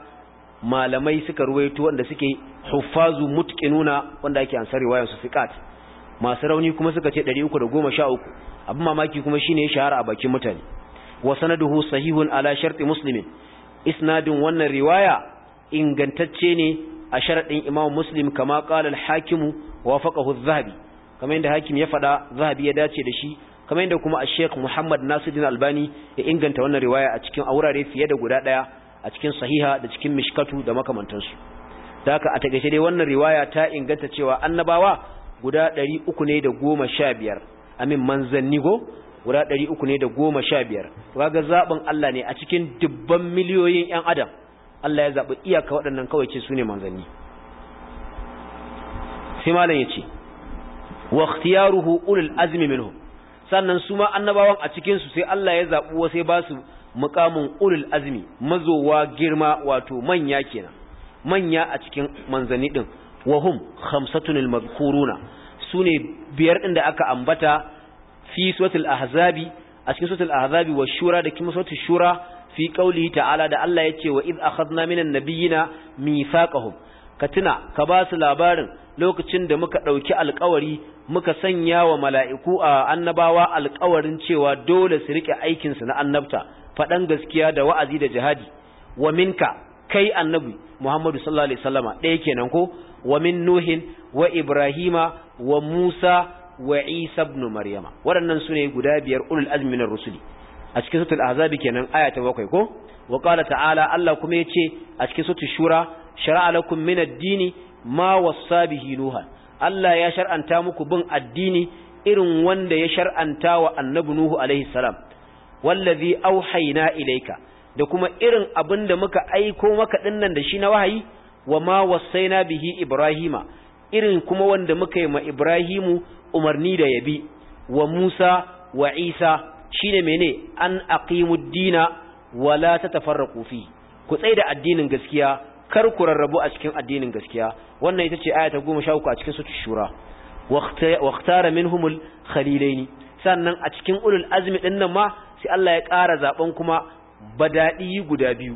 malamai suka ruwaito wanda suke huffazu mutqinuna wanda ake ansar riwayar su fiqat masu rauni kuma suka ce 313 abin mamaki kuma shine shahara a bakin mutane wa sanaduhu sahihun ala sharti muslimin isnadin wannan riwaya ingantacce ne a sharadin imam muslim kama qala al wa faqahu adh zahabi, kamar yadda hakim ya faɗa zahabi ya dace da shi kamar yadda kuma a sheikh muhammad nasiruddin albani ya inganta wannan riwaya a cikin aurare fiye da guda ɗaya a cikin sahiha da cikin mishkatu da makamantansu da haka a takaice dai wannan riwaya ta inganta cewa annabawa guda ɗari ne da goma amin manzanni go guda ɗari uku ne da goma kaga zaɓin Allah ne a cikin dubban miliyoyin 'yan adam Allah ya zaɓi iyaka waɗannan kawai ce su ne manzanni sai malam ya ce wa ikhtiyaruhu ulul azmi minhum sannan su ma annabawan a cikin su sai Allah ya zaɓi wasu ya ba su muƙamun ulul azmi mazowa girma wato manya kenan manya a cikin manzanni din wahum hamsatunil al su sune biyar ɗin da aka ambata fi suratul ahzabi a cikin ahzabi wa shura da kuma suratul shura fi qawlihi ta'ala da Allah ya ce wa id akhadna minan nabiyina mithaqahum ka tuna ka ba su labarin lokacin da muka ɗauki alkawari muka sanya wa mala'iku a annabawa alkawarin cewa dole su riƙe aikinsu na annabta faɗan gaskiya da wa'azi da jihadi wa minka kai annabi muhammadu sallallahu alaihi ɗaya kenan ko wa min nuhin wa ibrahima wa musa wa isa maryama waɗannan su ne guda biyar ulul azmi rusuli a cikin suratul ahzabi kenan aya ta bakwai ko wa qala ta'ala Allah kuma ya ce a cikin suratul shura shar'a lakum min ad ma wassa bihi nuha Allah ya shar'anta muku bin addini irin wanda ya shar'anta wa annabi nuhu alaihi salam wallazi auhayna ilaika da kuma irin abin da muka aiko maka dinnan da shi na wahayi wa ma na bihi ibrahima irin kuma wanda muka yi ma ibrahimu umarni da yabi wa musa wa isa shine mene an aqimud dina wala tatafarraqu fi ku tsaida addinin gaskiya kar ku rarrabu a cikin addinin gaskiya wannan ita ce aya ta 13 a cikin sura shura waqtara minhumul khalilaini sannan a cikin ulul azmi din nan ma sai Allah ya ƙara zaben kuma badadi guda biyu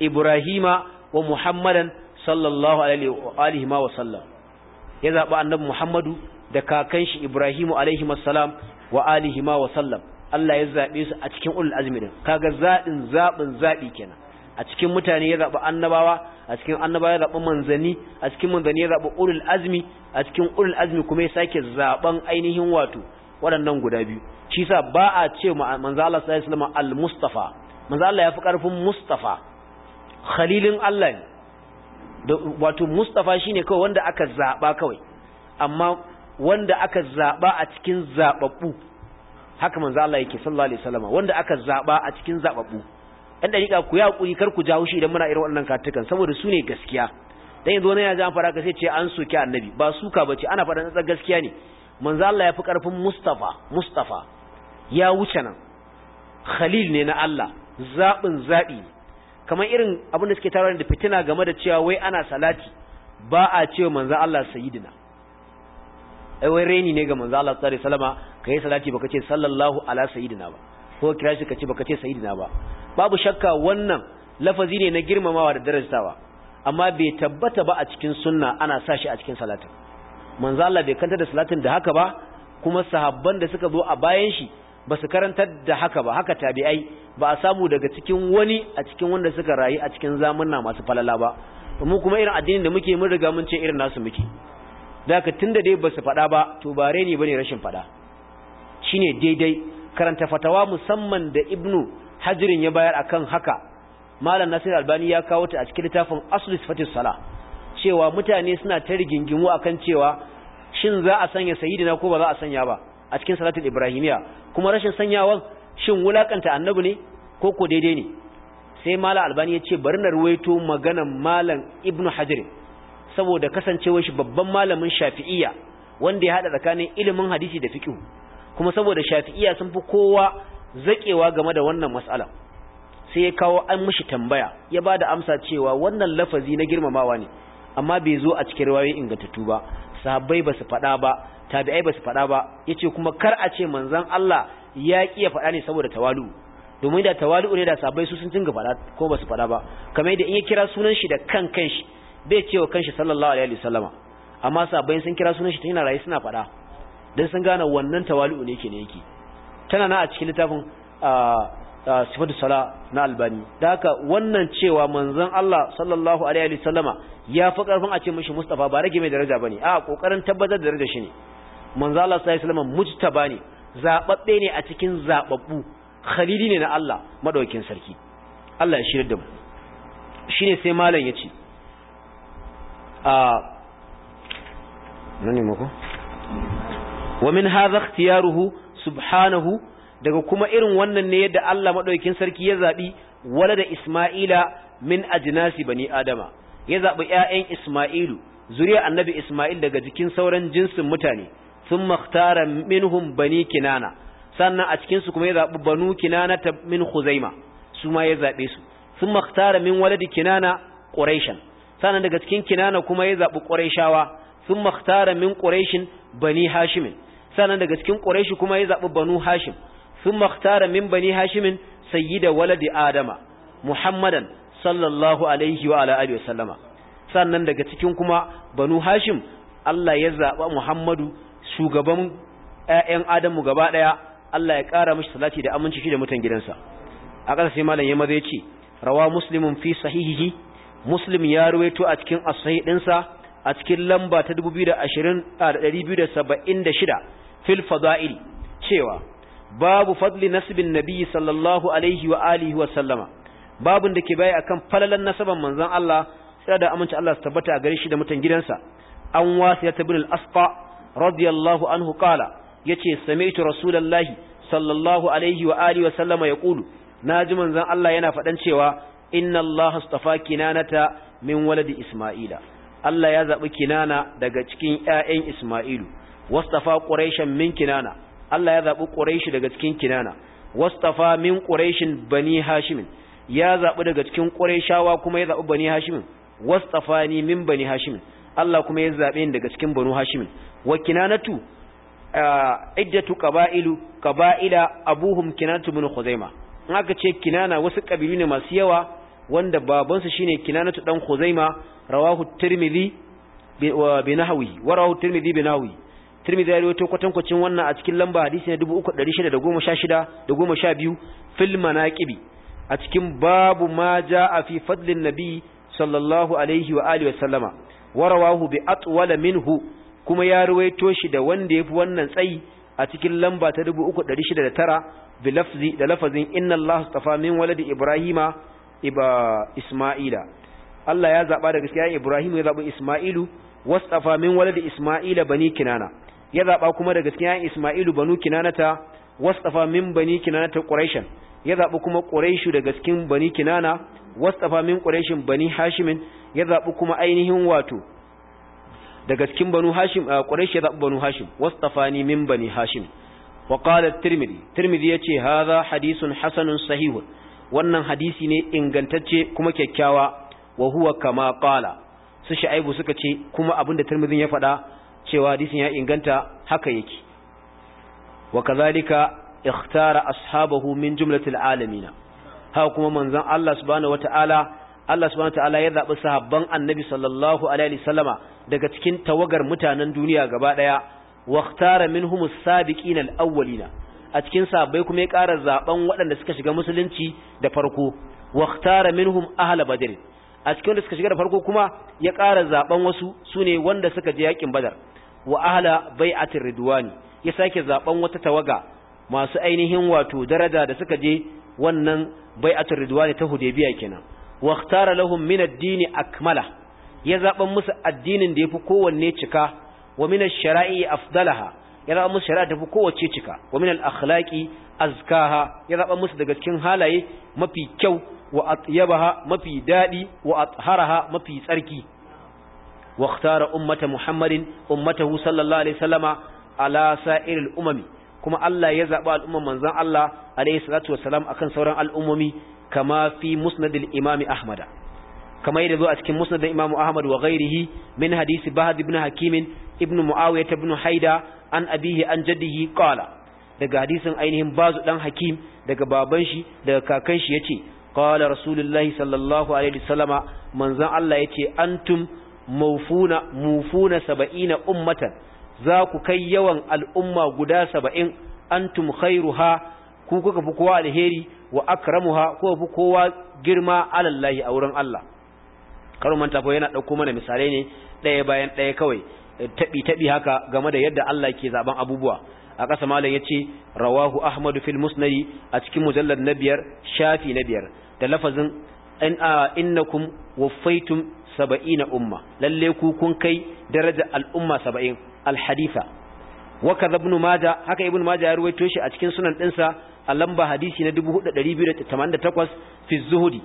Ibrahima wa Muhammadan sallallahu alaihi wa sallam ya zaba annabi Muhammadu da kakan shi Ibrahimu alaihi wassalam wa alihi wa sallam Allah ya zabe su a cikin ulul azmi din kaga zaɓin zaɓin zaɓi kenan a cikin mutane ya zaɓi annabawa a cikin annabawa ya zaɓi manzanni a cikin manzanni ya zaɓi ulul azmi a cikin ulul azmi kuma ya sake zaɓen ainihin wato waɗannan guda biyu shi sa ba a ce manzo Allah sallallahu alaihi wasallam al-mustafa manzo Allah ya fi ƙarfin mustafa khalilin Allah ne wato mustafa shine kawai wanda aka zaɓa kawai amma wanda aka zaɓa a cikin zaɓaɓɓu haka manzo Allah yake sallallahu alaihi wasallam wanda aka zaɓa a cikin zaɓaɓɓu ɗan ɗariƙa ku yi haƙuri kar ku jawo shi idan muna irin wannan katukan saboda su ne gaskiya dan yanzu wani ya zama fara ka sai ce an soki annabi ba suka ce ana faɗan tsatsar gaskiya ne manzo Allah ya fi ƙarfin Mustafa Mustafa ya wuce nan Khalil ne na Allah zaɓin zaɓi kamar irin abin da suke tarawa da fitina game da cewa wai ana salati ba a ce manzo Allah sayyidina ai wai reni ne ga manzo Allah sallallahu alaihi wasallama kai salati baka ce sallallahu ala sayyidina ba ko kira shi ka ce baka ce sayyidina ba babu shakka wannan lafazi ne na girmamawa da darajawa amma bai tabbata ba a cikin sunna ana sa shi a cikin salatin manzo Allah bai kanta da salatin da haka ba kuma sahabban da suka zo a bayan shi ba su karantar da haka ba haka tabi'ai ba a samu daga cikin wani a cikin wanda suka rayu a cikin zamanna masu falala ba mu kuma irin addinin da muke mun riga mun ce irin nasu muke da tunda dai ba su faɗa ba to bare ne bane rashin faɗa shine daidai karanta fatawa musamman da ibnu hajirin ya bayar akan haka malam nasir albani ya kawo ta a cikin littafin asli Fatis sala cewa mutane suna ta rigingimu akan cewa shin za a sanya sayyidina ko ba za a sanya ba a cikin salatul ibrahimiya kuma rashin sanyawan shin wulakanta annabi ne ko ko daidai ne sai malam albani ya ce bari na ruwaito maganan malam ibnu Hajirin saboda kasancewar shi babban malamin shafi'iyya wanda ya haɗa tsakanin ilimin hadisi da fiqh kuma saboda shafi'iya sun fi kowa zakewa game da wannan mas'ala sai ya kawo an mishi tambaya ya bada amsa cewa wannan lafazi na girmamawa ne amma bai zo a cikin riwayoyi ingantattu ba sahabbai basu faɗa ba tabi'ai basu faɗa ba yace kuma kar a ce manzon Allah ya ya faɗa ne saboda tawalu domin da tawalu ne da sahabbai su sun cinga faɗa ko basu faɗa ba kamar yadda in ya kira sunan shi da kan kanshi bai cewa kanshi sallallahu alaihi wasallama amma sahabbai sun kira sunan shi tun yana rayu suna faɗa dan sun gane wannan tawali'u ne yake ne yake tana na a cikin littafin sifatu sala na albani da haka wannan cewa manzon Allah sallallahu alaihi wa sallama ya fi karfin a ce mishi mustafa ba rage mai daraja bane a kokarin tabbatar da daraja shi ne manzon Allah sallallahu alaihi wa sallama mujtaba ne zababbe ne a cikin zababbu khalili ne na Allah madaukin sarki Allah ya shirya da mu shine sai malam yace a nani mako wa min hadha subhanahu daga kuma irin wannan ne yadda Allah madaukakin sarki ya zabi walada Isma'ila min ajnasi bani adama ya zabi ƴaƴan Isma'ilu zuriya annabi Isma'il daga jikin sauran jinsin mutane thumma ikhtara minhum bani kinana sannan a cikin su kuma ya zabi banu kinana ta min khuzaima su ma ya zabe su thumma ikhtara min waladi kinana quraishan sannan daga cikin kinana kuma ya zabi quraishawa thumma ikhtara min quraishin bani hashimin sannan daga cikin quraishi kuma ya zabi banu hashim sun maktara min bani hashimin sayyida waladi adama muhammadan sallallahu alaihi wa ala wasallama sannan daga cikin kuma banu hashim Allah ya zaba muhammadu shugaban ƴaƴan adamu gaba ɗaya Allah ya kara mashi salati da aminci da mutan gidansa a ƙasa sai malam ya maza ya ce rawa muslimun fi sahihihi muslim ya ruwaito a cikin as-sahih a cikin lamba ta shida. fil fada'il cewa babu fadli nasibin nabiyyi sallallahu alaihi wa alihi wa sallama babun da ke baya akan falalan nasaban manzon Allah sai da aminci Allah su tabbata a gare shi da mutan gidansa an wasiya ya bin al-asqa radiyallahu anhu qala yace sami'tu rasulullahi sallallahu alaihi wa alihi wa sallama yaqulu naji manzon Allah yana fadan cewa inna Allah astafa kinanata min waladi isma'ila Allah ya zabi kinana daga cikin ƴaƴan isma'ilu wastafa quraishan min kinana Allah ya zabi quraishi daga cikin kinana wastafa min quraishin bani hashim ya zaɓi daga cikin quraishawa kuma ya zabi bani hashim wastafani min bani hashim Allah kuma ya zabe ni daga cikin bani hashim wa kinanatu iddatu qaba'ilu qaba'ila abuhum kinanatu bin khuzaima in aka ce kinana wasu kabilu ne masu yawa wanda babansu shine kinanatu dan khuzaima rawahu tirmidhi bi nahwi wa rawahu tirmidhi bi nahwi tirmidhi ya rawaito kwatankwacin wannan a cikin lamba hadisi na 3616 da 12 fil manaqibi a cikin babu ma jaa fi fadlin nabi sallallahu alaihi wa alihi wa sallama warawahu bi atwala minhu kuma ya rawaito shi da wanda yafi wannan tsayi a cikin lamba ta 3609 bi lafzi da lafazin inna allaha astafa min waladi ibrahima iba isma'ila Allah ya zaba da gaskiya Ibrahim ya zaba Isma'ilu wastafa min waladi Isma'ila bani Kinana ya zaba kuma daga cikin ‘ya'yan Ismailu banu kinanata wastafa min bani kinanata ƙuraishan ya zaba kuma ƙuraishu daga cikin bani kinana wastafa min ƙuraishin bani hashimin ya zaba kuma ainihin wato daga cikin banu hashim ƙuraishi ya zaɓi banu hashim wastafa ni min bani hashim wa qala tirmidhi tirmidhi yace hadha hadithun hasanun sahihun wannan hadisi ne ingantacce kuma kyakkyawa wa huwa kama qala su shaibu suka ce kuma abinda tirmidhin ya faɗa cewa hadisin ya inganta haka yake wa kazalika ikhtara ashabahu min jumlatil alamin ha kuma manzon Allah subhanahu wataala Allah subhanahu wataala ya zabi sahabban annabi sallallahu alaihi wasallama daga cikin tawagar mutanen duniya gaba daya wa ikhtara minhumus sabiqin alawwalina a cikin sahabbai kuma ya ƙara zaben waɗanda suka shiga musulunci da farko wa ikhtara minhum ahla badr a cikin da suka shiga da farko kuma ya ƙara zaben wasu sune wanda suka je yakin badar wa ahla bai'atir ridwani ya sake zaben wata tawaga masu ainihin wato daraja da suka je wannan bai'atir ridwani ta hudaybiya kenan wa ikhtara lahum min ad-dini akmala ya zaben musu addinin da yafi kowanne cika wa min ash-shara'i afdalaha ya zaben musu shari'a da fi kowace cika wa min al-akhlaqi azkaha ya zaben musu daga cikin halaye mafi kyau wa atyabaha mafi dadi wa atharaha mafi tsarki wa ikhtara ummata muhammadin ummatahu sallallahu alaihi wasallama ala sa'iril umami kuma Allah ya zaba al'umman manzon Allah alaihi salatu wassalam akan sauran al'ummomi kama fi musnadil imami ahmada kama yadda zo a cikin musnadin imamu ahmad wa ghairihi min hadisi bahad ibn hakim ibn muawiyah ibn haida an abihi an jaddihi qala daga hadisin ainihin bazu dan hakim daga baban shi daga kakan shi yace qala rasulullahi sallallahu alaihi wasallama manzon Allah yace antum mufuna mufuna saba'ina ummatan za ku kai yawan al'umma guda saba'in antum khairuha ku kuka fi kowa alheri wa akramuha ko fi kowa girma alallahi a wurin Allah karu manta ko yana dauko mana misalai ne daya bayan daya kawai Taɓi-taɓi haka game da yadda Allah ke zaben abubuwa a ƙasa malam ya ce rawahu ahmadu fil musnadi a cikin mujallar na biyar shafi na biyar da lafazin in innakum waffaitum saba'ina umma lalle ku kun kai daraja al'umma saba'in alhadifa. wa kaza ibn haka ibn majah ya ruwaito shi a cikin sunan dinsa a lamba hadisi na 4288 fi zuhudi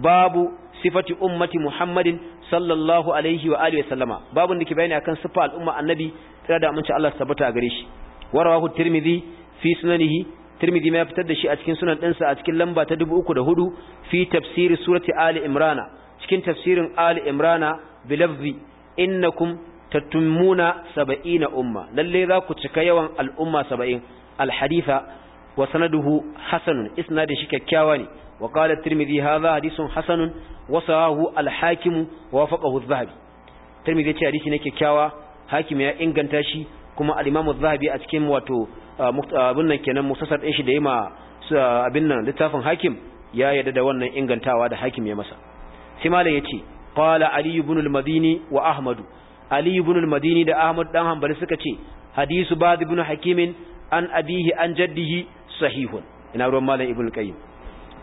babu sifati ummati muhammadin sallallahu alaihi wa alihi wasallama babun da ke bayani akan sifa al'umma annabi tsira da amince Allah tabbata gare shi warawahu tirmidhi fi sunanihi tirmidhi ma fitar da shi a cikin sunan ɗinsa a cikin lamba ta hudu fi tafsiri surati ali imrana cikin tafsirin ali imrana bilafzi innakum tatummuna saba'ina umma lalle za ku cika yawan al'umma saba'in alhaditha wa sanaduhu hasanun isnadin shi kyakkyawa ne wa qala tirmidhi hadha hadithun hasanun wa sahahu al-hakim wa wafaqahu adh-dhahabi tirmidhi ya ce hadisi ne kyakkyawa hakim ya inganta shi kuma al-Imam zahabi a cikin wato abin nan kenan mustasar din shi da yima abin nan littafin Hakim ya yarda da wannan ingantawa da Hakim ya masa sai malam yace qala Ali ibn al-Madini wa Ahmad Ali ibn al-Madini da Ahmad dan Hanbali suka ce hadisu Bad ibn Hakim an abihi an jaddihi sahihun ina ruwan malam ibn qayyim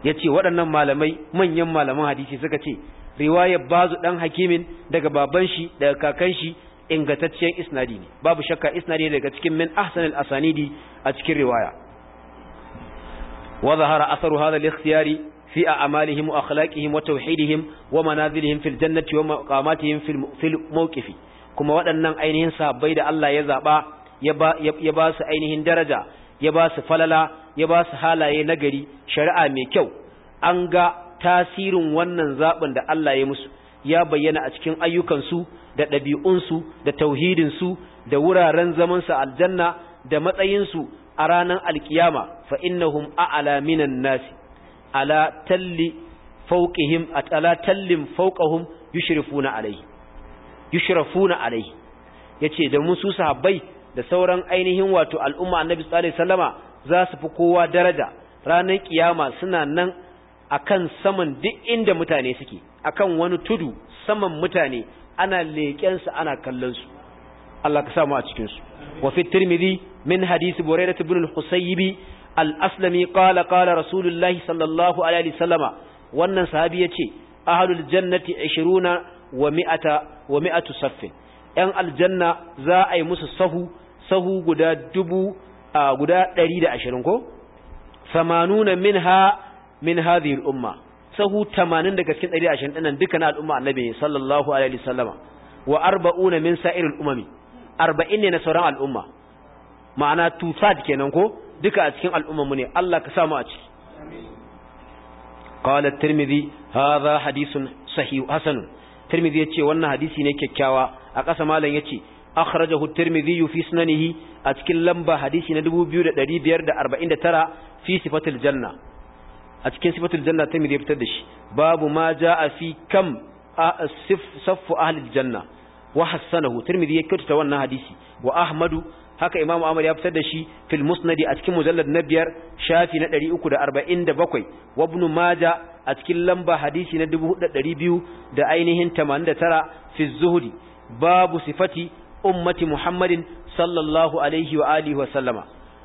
yace waɗannan malamai manyan malaman hadisi suka ce riwayar bazu dan hakimin daga baban shi daga kakan shi ingantacciyar isnadi ne babu shakka isnadi daga cikin min ahsanil asanidi a cikin riwaya wa zahara atharu hadha al-ikhtiyari fi a'malihim wa akhlaqihim wa tauhidihim wa manazilihim fil jannati wa maqamatihim fil mawqifi kuma waɗannan ainihin sahabbai da Allah ya zaba ya ba su ainihin daraja ya ba su falala ya ba su halaye nagari shari'a mai kyau an ga tasirin wannan zaɓin da Allah ya musu ya bayyana a cikin ayyukansu da ɗabi'unsu da tauhidinsu da wuraren zamansu aljanna da matsayinsu a ranar alkiyama fa innahum a alaminan nasi ala talli fawqihim ala tallin fawqahum yushrifuna na yushrafuna Ya yace da musu sahabbai da sauran ainihin wato al'umma annabi sallallahu alaihi za su fi kowa daraja ranar kiyama suna nan akan saman duk inda mutane suke akan wani tudu saman mutane ana leƙensu ana su. Allah ka samu a cikinsu wafi tirmidhi min hadisi buraidat ibn al-husaybi al-aslami qala qala rasulullahi sallallahu alaihi wasallama wannan sahabi yace ahlul jannati 20 wa mi'ata wa mi'atu saffin yan aljanna za a yi musu sahu sahu guda dubu guda 120 ko 80 minha min hadhihi al-umma sahu 80 daga cikin 120 dinnan dukkan al'umma annabi sallallahu alaihi wasallama wa 40 min sa'ir al-umami 40 ne na sauran al'umma ma'ana tusad kenan ko duka a cikin al'umma mu ne Allah ka samu a ciki qala at-tirmidhi hadha hadithun sahih hasan tirmidhi yace wannan hadisi ne kyakkyawa a ƙasa malam yace akhrajahu at-tirmidhi fi sunanihi a cikin lamba hadisi na 2549 fi sifatil janna a cikin sifatul janna ta ya fitar da shi babu ma jaa fi kam saffu ahlil janna wa hassanahu tirmidhi ya kyautata wannan hadisi wa ahmadu haka imamu ahmad ya fitar da shi fil musnadi a cikin mujallad na biyar shafi na 347 wa ibn maja a cikin lamba hadisi na 4200 da ainihin 89 fi zuhudi babu sifati ummati muhammadin sallallahu alaihi wa alihi wa sallama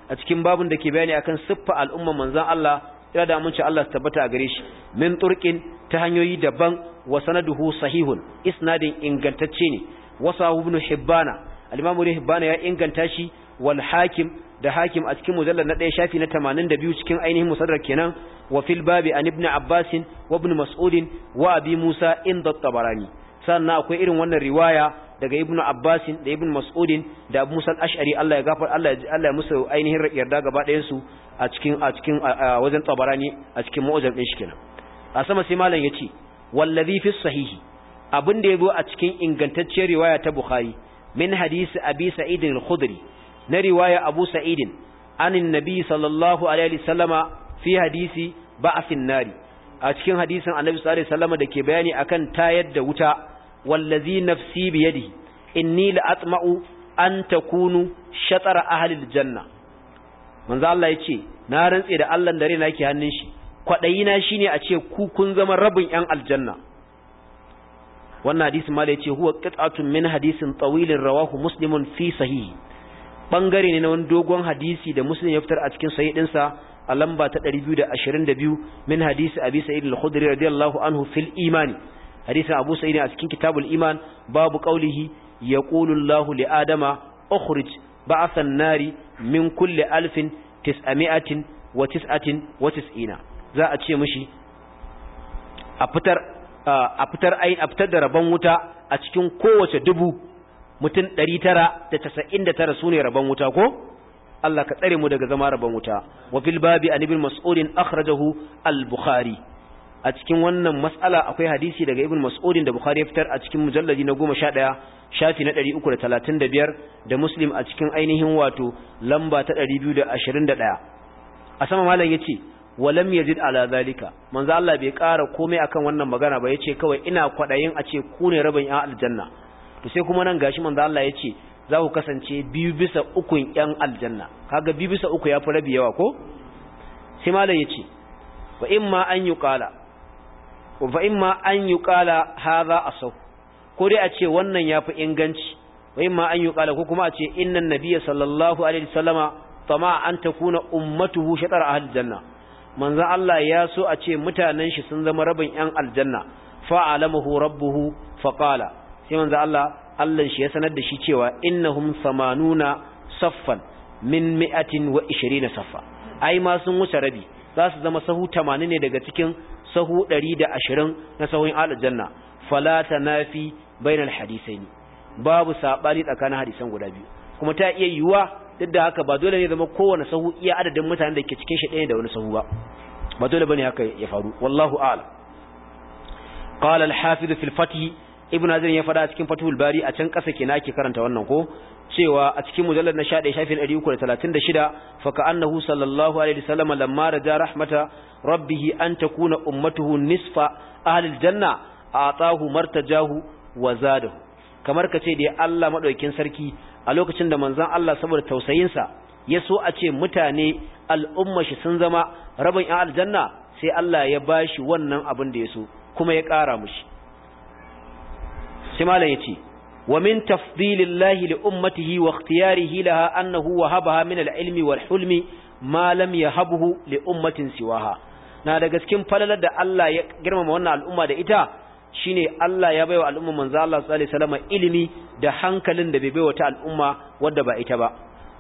a cikin babun da ke bayani akan siffa al'umma manzon Allah ira da aminci Allah su tabbata a gare shi min turqin ta hanyoyi daban wa sanaduhu sahihun isnadin ingantacce ne wasahu ibn hibbana al-imam ibn hibbana ya inganta shi wal hakim da hakim a cikin mujallal na 1 shafi na 82 cikin ainihin musaddar kenan wa fil babi an ibn abbas wa ibn mas'ud wa abi musa inda tabarani sannan akwai irin wannan riwaya daga ibnu Abbas da ibnu mas'udin da abu musal ash'ari Allah ya gafar Allah ya musu ainihin yarda gaba ɗayan su a cikin a cikin wajen tsabarani a cikin mu'jam din shi kenan a sama sai malam yace wallazi fi sahihi abin da yabo a cikin ingantacciyar riwaya ta bukhari min hadisi abi sa'id al-khudri na riwaya abu sa'id anin nabi sallallahu alaihi wasallama fi hadisi ba'sin nari a cikin hadisin annabi sallallahu alaihi wasallama dake bayani akan tayar da wuta wallazi nafsi bi yadihi inni la atma'u an takunu shatara ahli al-janna manzo Allah ya ce na rantse da Allah da raina yake hannun shi na shine a ce ku kun zama rabin yan aljanna wannan hadisi ma ya ce huwa qit'atun min hadisin tawilin rawahu muslimun fi sahihi bangare ne na wani dogon hadisi da muslim ya fitar a cikin sahih sa a lamba ta 222 min hadisi abi sa'id al-khudri radiyallahu anhu fil iman hadisin abu sa'id a cikin kitabul iman babu qaulihi yaqulu allah li adama ukhrij ba'atha an-nari min kulle alfin tis'ami'atin wa tis'atin wa tis'ina za a ce mishi a fitar a fitar a fitar da rabon wuta a cikin kowace dubu mutum da tara sune rabon wuta ko Allah ka tsare mu daga zama rabon wuta wa fil babi an ibn mas'ud akhrajahu al-bukhari a cikin wannan matsala akwai hadisi daga ibn mas'udin da bukhari ya fitar a cikin mujalladi na goma sha ɗaya shafi na ɗari uku da talatin da biyar da muslim a cikin ainihin wato lamba ta ɗari biyu da ashirin da ɗaya a sama malam ya ce walam yazid ala zalika manzo Allah bai ƙara komai akan wannan magana ba yace kawai ina kwaɗayin a ce ku ne rabin yan aljanna to sai kuma nan gashi manzo Allah yace za ku kasance biyu bisa ukun yan aljanna kaga biyu bisa uku ya rabi yawa ko sai malam yace wa imma an yuqala fa imma an yuqala hadha asaw ko dai a ce wannan yafi inganci wa imma an ko kuma a ce innan Nabiya sallallahu alaihi wasallama tama an takuna ummatuhu shatar ahli janna Allah ya so a ce mutanen shi sun zama rabin yan aljanna fa alamahu rabbuhu fa qala sai manzo Allah Allah shi ya sanar da shi cewa innahum samanuna saffan min mi'atin wa ishirina saffa ai ma sun wuce rabi za su zama sahu 80 ne daga cikin sahu 120 na sahun aljanna janna fala tanafi bainal ne babu sabani tsakanin hadisan guda biyu kuma ta iya yiwuwa duk da haka ba dole ne zama kowane sahu iya adadin mutanen da ke cikin shi ɗaya da wani sahu ba ba dole bane haka ya faru wallahu a'lam qala al-hafiz fil fath ibn azir ya fada cikin fathul bari a can ƙasa kina ke karanta wannan ko cewa a cikin mujallar na 11 shafin 336 fa ka'annahu sallallahu alaihi wasallam lamma raja rahmata rabbih an takuna ummatuhu nisfa ahli aljanna atahu martajahu wa zadahu kamar kace da Allah madaukin sarki a lokacin da manzon Allah saboda tausayin sa ya so a ce mutane al'umma shi sun zama rabin aljanna sai Allah ya bashi wannan abin da ya so kuma ya kara mushi sai malam yace wa min tafdilillahi li ummatihi wa ikhtiyarihi laha annahu wahabaha min al-ilmi wal hulmi ma lam yahabhu li ummatin siwaha na da cikin falalar da Allah ya girmama wannan al'umma da ita shine Allah ya baiwa al'umma manzo Allah sallallahu alaihi wasallam ilimi da hankalin da bai baiwa ta al'umma wadda ba ita ba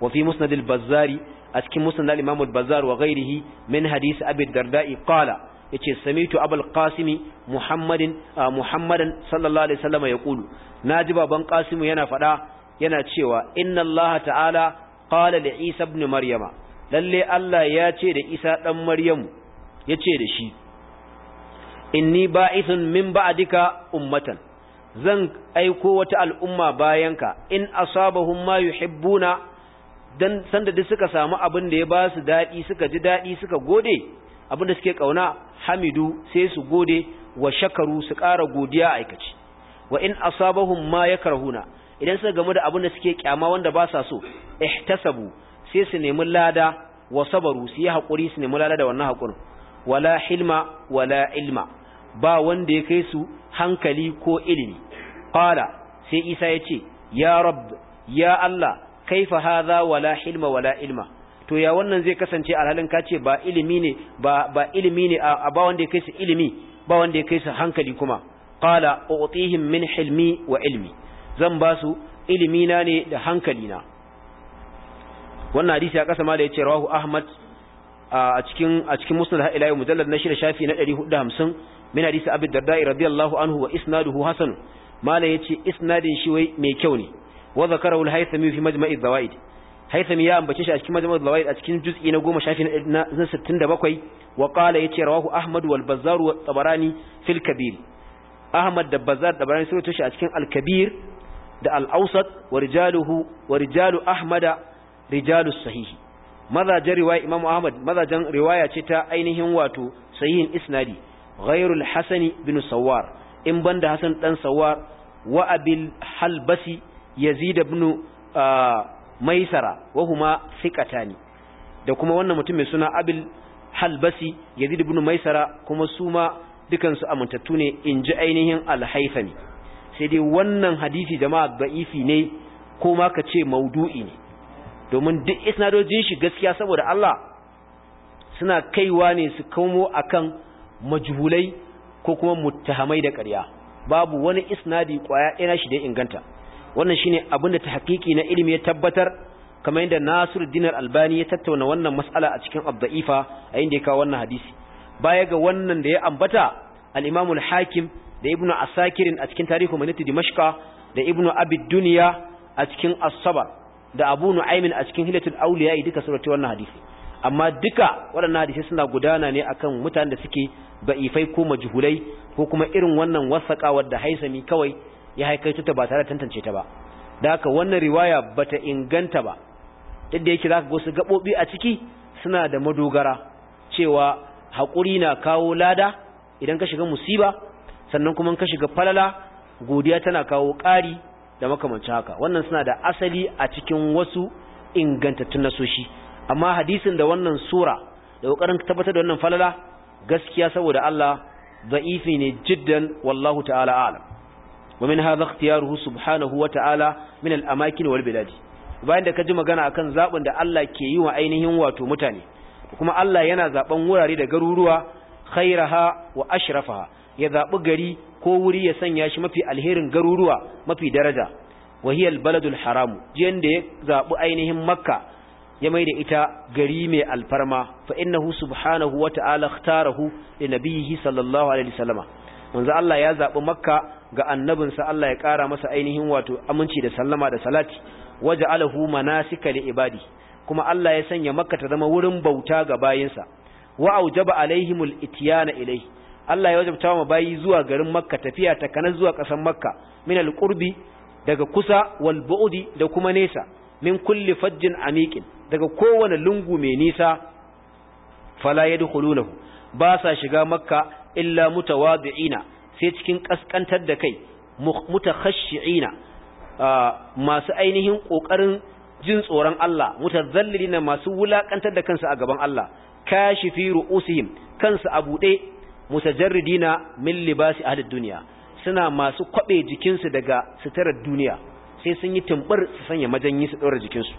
wa fi musnad bazzari a cikin musnad al-imam al-bazzar wa ghairihi min hadith abi darda'i qala yace samitu abul qasimi muhammadin muhammadan sallallahu alaihi wasallam Na naji baban qasimu yana fada yana cewa inna allah ta'ala qala li isa ibn maryama lalle allah ya ce da isa dan maryamu ce da shi inni ba'ithun min ba'dika ummatan zan aiko wata al'umma bayanka in asabahum ma yuhibbuna dan sanda duk suka samu abin da ya ba su dadi suka ji dadi suka gode abinda suke kauna hamidu sai su gode wa shakaru su ƙara godiya aikaci wa in asabahum ma yakrahuna idan suka gamu da abin da suke kyama wanda ba sa so ihtasabu sai su nemi lada wa sabaru su yi hakuri su nemi lada da wannan hakurin wala hilma wala ilma ba wanda ya kai su hankali ko ilimi qala sai Isa ya ce ya rabb ya Allah kaifa hadha wala hilma wala ilma to ya wannan zai kasance alhalin ka ce ba ilimi ne ba ba ilimi ne a ba wanda ya kai su ilimi ba wanda ya kai su hankali kuma qala u'tihim min hilmi wa ilmi zan ba su ilimi na ne da hankali na wannan hadisi a kasa ma da yace rawahu ahmad a cikin a cikin musnad ha mujallad na shida shafi na 450 min hadisi abi darda radiyallahu anhu wa isnaduhu hasan mala yace isnadin shi wai mai kyau ne wa zakarahu al-haythami fi majma'i zawaid haitham ya ambace shi a cikin majmu'ul zawaid a cikin juz'i na 10 shafi na 67 wa qala yace rawahu ahmad wal bazzar wa tabarani fil kabir ahmad da bazzar da barani sun tushe a cikin al kabir da al awsat wa rijaluhu wa rijalu ahmad rijalu sahih mazajen riwaya imam ahmad mazajen riwaya ce ta ainihin wato sahihin isnadi ghairul hasani bin sawar in banda hasan dan sawar wa abil halbasi yazid ibn maisara wahuma huma da kuma wannan mutum mai suna abil halbasi yazid ibn maisara kuma su ma dukan amintattu ne in ji ainihin al sai dai wannan hadisi jama'a ba'ifi ne ko ma ka ce maudu'i ne domin duk isnadojin shi gaskiya saboda Allah suna kaiwa ne su komo akan majhulai ko kuma muttahamai da ƙarya babu wani isnadi kwaya ina shi da inganta wannan shine abin da tahqiqi na ilimi ya tabbatar kamar yadda Nasiruddin Albani ya tattauna wannan mas'ala a cikin Abda'ifa a inda ya kawo wannan hadisi baya ga wannan da ya ambata al-Imam al-Hakim da Ibn Asakir a cikin Tarihu Manati Dimashqa da Ibn Abi Dunya a cikin as da Abu Nu'aym a cikin Hilatul Awliya duka sun rawaito wannan hadisi amma duka waɗannan hadisi suna gudana ne akan mutanen da suke ba'ifai ko majhulai ko kuma irin wannan wasaka wadda haisami kawai ya haika ta ba tare da tantance ta ba da haka wannan riwaya bata inganta ba yadda yake zaka ga su gabobi a ciki suna da madogara cewa hakuri na kawo lada idan ka shiga musiba sannan kuma ka shiga falala godiya tana kawo ƙari da makamancin haka wannan suna da asali a cikin wasu ingantattun nasoshi amma hadisin da wannan sura da kokarin tabbatar da wannan falala gaskiya saboda Allah za'ifi ne jiddan wallahu ta'ala a'lam wa min hadha ikhtiyaruhu subhanahu wa ta'ala min wal bilad bayan da ka ji magana akan zaɓin da Allah ke yi wa ainihin wato mutane kuma Allah yana zaɓan wurare da garuruwa khairaha wa ashrafaha ya zaɓi gari ko wuri ya sanya shi mafi alherin garuruwa mafi daraja wahiyal baladul haramu jiyan da ya zabi ainihin makka ya maida ita gari mai alfarma fa innahu subhanahu wa ta'ala ikhtarahu li nabiyhi sallallahu alaihi wasallama manzo Allah ya zaɓi makka ga annabinsa Allah ya ƙara masa ainihin wato aminci da sallama da salati waje alahu manasika li ibadi kuma Allah ya sanya makka ta zama wurin bauta ga bayinsa wa aujaba alaihimul itiyana ilai Allah ya wajabta wa bayi zuwa garin makka tafiya ta kanar zuwa ƙasar makka min alqurbi daga kusa wal bu'di da kuma nesa min kulli fajjin amiqin daga kowane lungu mai nisa fala yadkhulunahu ba sa shiga makka illa mutawadi'ina sai cikin kaskantar da kai mutakhashshi'ina masu ainihin kokarin jin tsoron Allah mutazallilina masu wulakantar da kansu a gaban Allah kashifi ru'usihim kansu a bude mutajarridina min libasi ahli dunya suna masu kwabe jikinsu daga sitarar duniya sai sun yi tumbar su sanya majanyi su daura jikinsu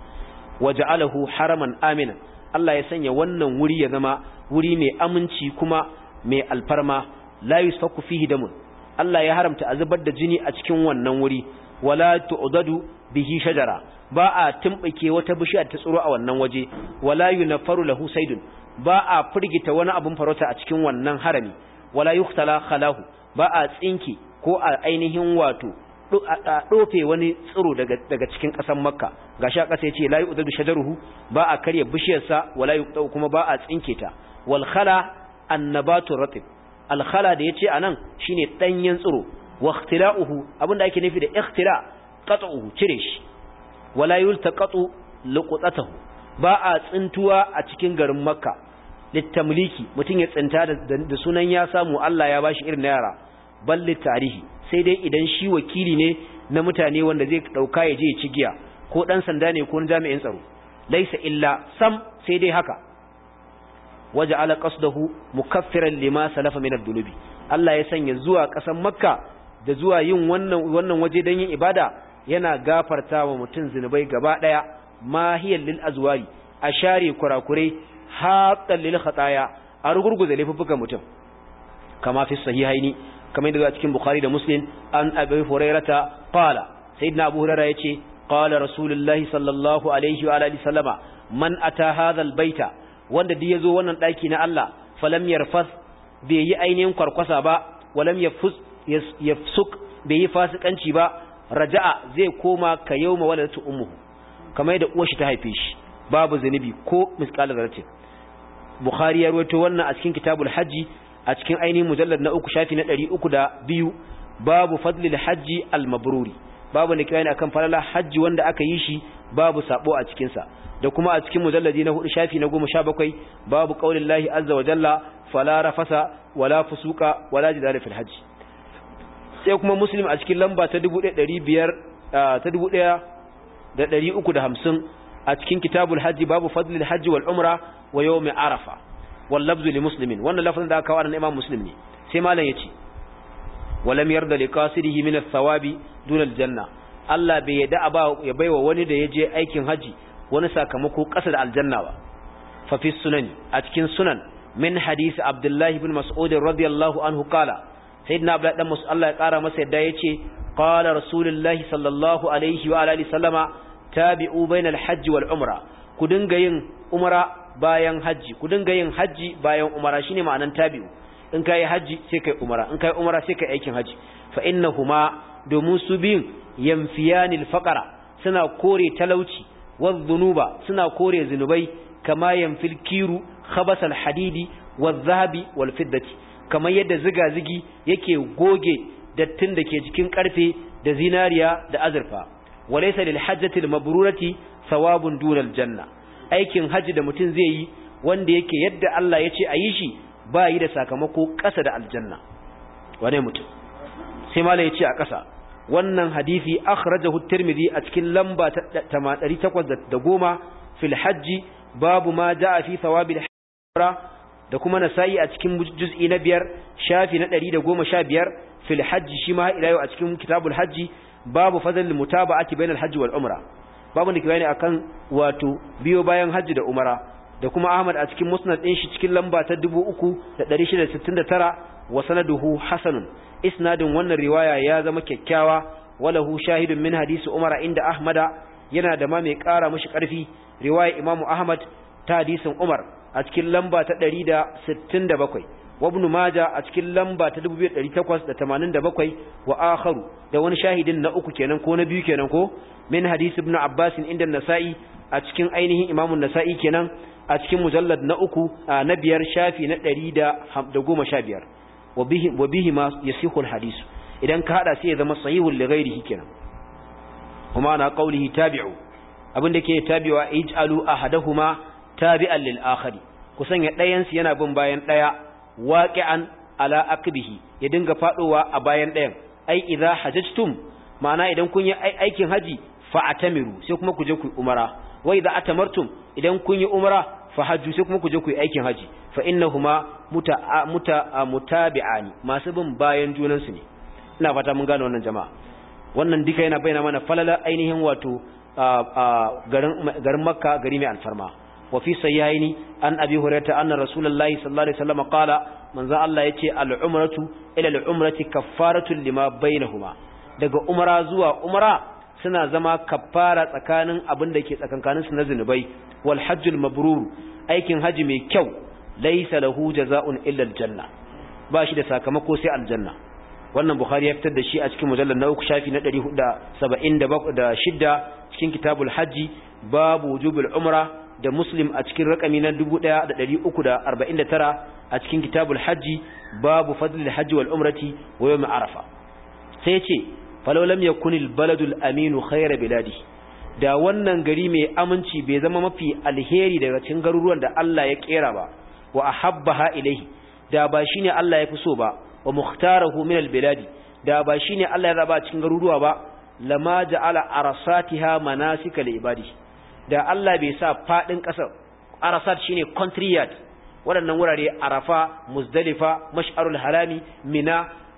waja'alahu haraman amina Allah ya sanya wannan wuri ya zama wuri mai aminci kuma mai alfarma la yusfaku fihi damun Allah ya haramta a zubar da jini a cikin wannan wuri wala tu'dadu bihi shajara ba a tumbake wata bishiya ta tsiro a wannan waje wala yunfaru lahu saydun ba a firgita wani abun farauta a cikin wannan harami wala yuktala khalahu ba a tsinki ko a ainihin wato dofe wani tsiro daga daga cikin ƙasar makka gashi a ƙasa yace la yu'dadu shajaruhu ba a karya bishiyarsa wala yuqtau kuma ba a tsinke ta wal khala annabatu ratib alkhala da yace anan shine danyen tsiro wa ikhtira'uhu abinda ake nufi da ikhtira qat'uhu cire shi wala yultaqatu luqtatahu ba a tsintuwa a cikin garin makka littamliki mutum ya tsinta da sunan ya samu Allah ya bashi irin yara balli tarihi sai dai idan shi wakili ne na mutane wanda zai dauka ya je ya ci giya ko dan sanda ne ko jami'in tsaro laisa illa sam sai dai haka Waje ala kasdahu mukaffiran lima salafa min ad-dunubi Allah ya sanya zuwa kasan Makka da zuwa yin wannan wannan waje dan yin ibada yana gafarta wa mutum zinubai gaba daya mahiyal lil azwari ashari kurakure haqqan lil khataya a rugurguza laifuffukan mutum kama fi sahihaini kamar daga cikin bukhari da muslim an abi hurairata qala sayyidina abu hurairah yace qala rasulullahi sallallahu alaihi wa alihi sallama man ata hadha baita. wanda duk yazo wannan daki na Allah falam yarfas bai yi ainihin kwarkwasa ba walam yafus yafsuk bai yi fasikanci ba raja'a zai koma ka yauma waladatu ummuhu kamar yadda uwar shi ta haife shi babu zanibi ko misqal zarratin bukhari ya rawaito wannan a cikin kitabul hajji a cikin ainihin mujallad na uku shafi na 302 babu fadlil hajji al mabruri babu nikirin akan falala hajji wanda aka yi shi babu sabo a cikin sa da kuma a cikin mujalladi na hudu shafi na 17 babu qaulin lahi azza wa jalla fala rafasa wala fusuka wala jidala fil hajj sai kuma muslim a cikin lamba ta 1500 ta 1350 a cikin kitabul hajji babu fadlil hajji wal umra wa yawmi arafa wal lafzu li muslimin wannan lafazin da aka kawo nan imam muslim ne sai malam yace walam yarda li qasirihi min ath-thawabi Dunar janna Allah bai yadda ba ya baiwa wani da ya je aikin haji wani sakamako ƙasa da aljanna ba fa sunan a cikin sunan min hadisi Abdullahi bin Mas'udin radiyallahu anhu qala sayyidina Abdullah dan Mas'ud Allah ya ƙara masa yadda ce qala rasulullahi sallallahu alaihi wa alihi sallama tabi'u bainal hajji wal umra ku dinga yin umra bayan haji ku dinga yin haji bayan umra shine ma'anan tabi'u in kai haji sai kai umra in kai umra sai kai aikin haji fa innahuma domin su biyun yamfiyanil faqara suna kore talauci wadh-dhunuba suna kore zinubai kama yamfil kiru khabasal hadidi wadh-dhahabi wal-fiddati kamar yadda ziga-zigi yake goge dattin da ke jikin karfe da zinariya da azurfa walaysa lil hajjatil mabrurati thawabun dunal janna aikin haji da mutum zai yi wanda yake yadda Allah ya ce a yi shi ba yi da sakamako ƙasa da aljanna wane mutum sai mala ya ce a ƙasa wannan hadisi akhrajahu at-tirmidhi a cikin lamba ta 810 fil hajji babu ma jaa fi thawabil umra da kuma nasa'i a cikin juz'i na biyar shafi na 115 fil hajji shi ma ila yau a cikin kitabul hajji babu fadlul mutaba'ati bainal haji wal umra babu da kibayani akan wato biyo bayan hajji da umara da kuma Ahmad a cikin musnad din shi cikin lamba ta 3669 wa sanaduhu hasanun isnadin wannan riwaya ya zama kyakkyawa walahu shahidun min hadisi umar inda ahmada yana da ma mai ƙara mashi ƙarfi riwaya imamu ahmad ta hadisin umar a cikin lamba ta 167 wa ibn maja a cikin lamba ta 2887 wa akharu da wani shahidin na uku kenan ko na biyu kenan ko min hadisi ibn abbas inda nasa'i a cikin ainihin imamu nasa'i kenan a cikin mujallad na uku na biyar shafi na 115 wa bihi ma yasihu al idan ka hada sai ya zama sahihul li ghairihi kenan kuma na qawlihi tabi'u abin da ke tabiwa ij'alu ahadahuma tabi'an lil akhari ku sanya dayan su yana bin bayan daya waqi'an ala aqbihi ya dinga fadowa a bayan dayan ai idza hajjtum ma'ana idan kun yi aikin haji fa atamiru sai kuma ku je ku umara wa idza atamartum idan kun yi umara fa hajju sai kuma ku je ku yi aikin haji fa innahuma muta muta mutabi'ani masu bin bayan junan su ne ina fata mun gane wannan jama'a wannan duka yana bayyana mana falala ainihin wato garin garin makka gari mai alfarma wa fi sayyaini an abi hurayta anna rasulullahi sallallahu alaihi wasallam qala manzo Allah yace al-umratu ila al-umrati kaffaratun lima bainahuma daga umara zuwa umara suna zama kaffara tsakanin abinda da ke tsakankanin su na zinubai wal hajjul aikin haji mai kyau laisa lahu jazaa'un illa aljanna ba shi da sakamako sai aljanna wannan bukhari ya fitar da shi a cikin mujallal na uku shafi na 476 cikin kitabul haji babu wujubul umra da muslim a cikin rakami na 1349 a cikin kitabul haji babu fadlil haji wal umrati wa yawm arafa sai ya ce falau lam yakun al baladu aminu khayra biladi da wannan gari mai aminci bai zama mafi alheri daga cikin garuruwan da Allah ya kera ba wa ahabbaha ilaihi da ba shine Allah ya fi so ba wa mukhtarahu min albiladi da ba shine Allah ya raba cikin garuruwa ba lama ja'ala arasatiha manasika liibadi da Allah bai sa fadin kasar arasat shine country yard waɗannan wurare arafa muzdalifa mash'arul harami mina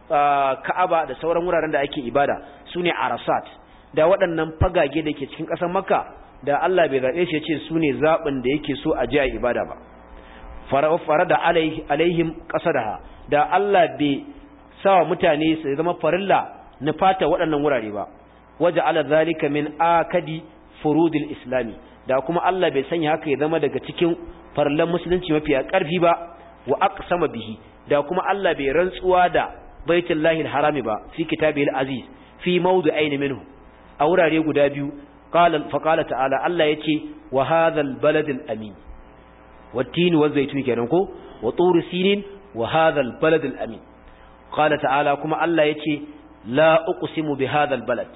ah, ka'aba da sauran wuraren da ake ibada sune arasat da waɗannan fagage da ke cikin ƙasar makka da Allah bai zaɓe shi ya ce su ne zaɓin da yake so a ji a ibada ba fara da alaihim ƙasa da ha da Allah bai sawa mutane su zama farilla na fata waɗannan wurare ba waje ala zalika min akadi furudil islami da kuma Allah bai sanya haka ya zama daga cikin farillan musulunci mafi ƙarfi ba wa aqsama bihi da kuma Allah bai rantsuwa da baitullahi harami ba fi kitabil aziz fi mawdu'ain minhu a wurare guda biyu faƙala ta'ala Allah ya ce wa hazal baladin amin wattini wa tuni kenan ko wa tsoro sinin wa hazal baladin amin ƙala ta'ala kuma Allah ya ce la mu bi hazal balad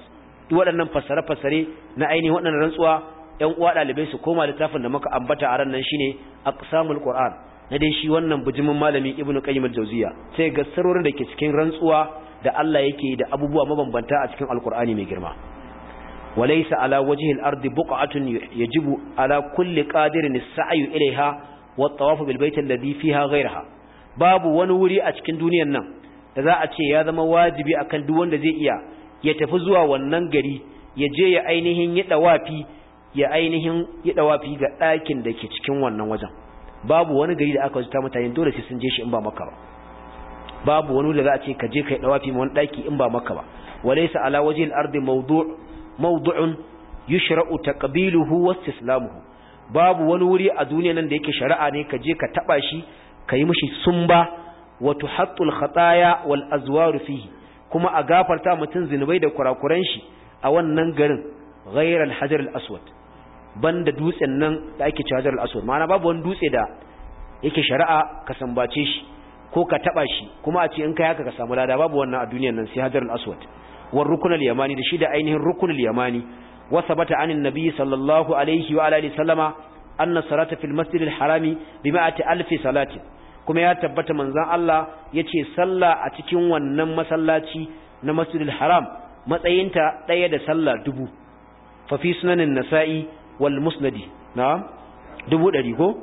duk waɗannan fassare-fassare na ainihin waɗannan rantsuwa ‘yan uwa ɗalibai su koma littafin da muka ambata a ran nan shine aqsamul qur'an na dai shi wannan bijimin malami ibnu qayyim al sai ga sarorin da ke cikin rantsuwa da Allah yake da abubuwa mabambanta a cikin alqur'ani mai girma وليس على وجه الأرض بقعة يجب على كل قادر السعي إليها والطواف بالبيت الذي فيها غيرها باب ونوري أتكن دوني النم إذا أتي هذا مواجبي أكن دون ذي يتفزوا والننقري يجي أينهن يتوافي ya ainihin ya dawafi ga ɗakin da ke cikin wannan wajen babu wani gari da aka wajen ta mutane dole sai sun je shi in ba maka ba babu wani da za a ce ka je kai dawafi ma wani ɗaki in ba maka ba ala wajhil ardi mawdu' mawdu'un yushra'u taqbiluhu wa istislamuhu babu wani wuri a duniya nan da yake shari'a ne ka je ka taba shi ka yi mishi sumba wa tuhattul khataya wal azwaru fihi kuma a gafarta mutun zinubai da kurakuran shi a wannan garin ghairal hajar al aswad banda dutsen nan da ake cewa hajar al aswad ma'ana babu wani dutse da yake shari'a ka sambace shi ko ka taba shi kuma a ce in kai haka ka samu lada babu wannan a duniyar nan sai hajar al aswad Wan rukunin yamani da shi da ainihin rukunul yamani wa sabata anin nabi sallallahu alaihi wa alihi sallama anna salata fil masjidil harami bi ma'ati alfi salati kuma ya tabbata manzon Allah ya ce sallah a cikin wannan masallaci na masjidil haram matsayinta ɗaya da sallah dubu fa fi sunanin nasa'i wal musnadi na'am dubu dari ko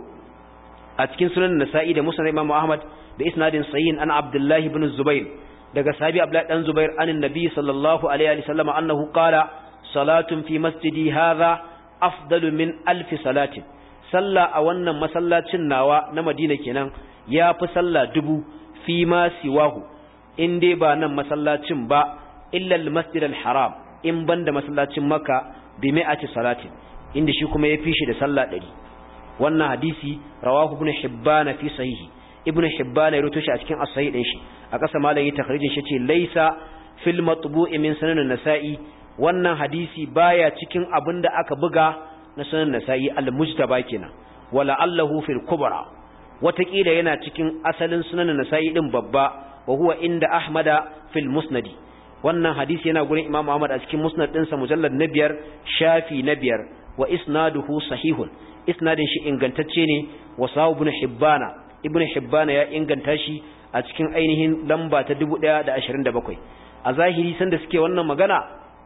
a cikin sunan nasa'i da musnad imam ahmad da isnadin sahihin ana abdullahi ibn zubair daga sabi abdullahi dan zubair anin nabi sallallahu alaihi wa sallam annahu qala salatun fi masjidi hadha afdalu min alf salatin sallah a wannan masallacin nawa na madina kenan ya fi salla dubu fi ma siwahu in dai ba nan masallacin ba illa almasjid haram, in banda masallacin makka bi mi'ati salatin inda shi kuma ya fi shi da sallah ɗari wannan hadisi rawahu ibn hibban fi sahihi ibn hibban ya shi a cikin as-sahih din shi a ƙasa malam yi takharijin shi ce laisa fil matbu'i min sunan nasa'i wannan hadisi baya cikin abin da aka buga na sunan nasa'i al-mujtaba kenan wala allahu fil kubra watakila yana cikin asalin sunan nasa'i din babba wa huwa inda ahmada fil musnadi wannan hadisi yana gurin imam ahmad a cikin musnad mujallar mujallad na biyar shafi na biyar wa isnaduhu sahihun isnadin shi ingantacce ne wa sahu ibn hibbana ibn hibbana ya inganta shi a cikin ainihin lamba ta dubu da da bakwai a zahiri sanda suke wannan magana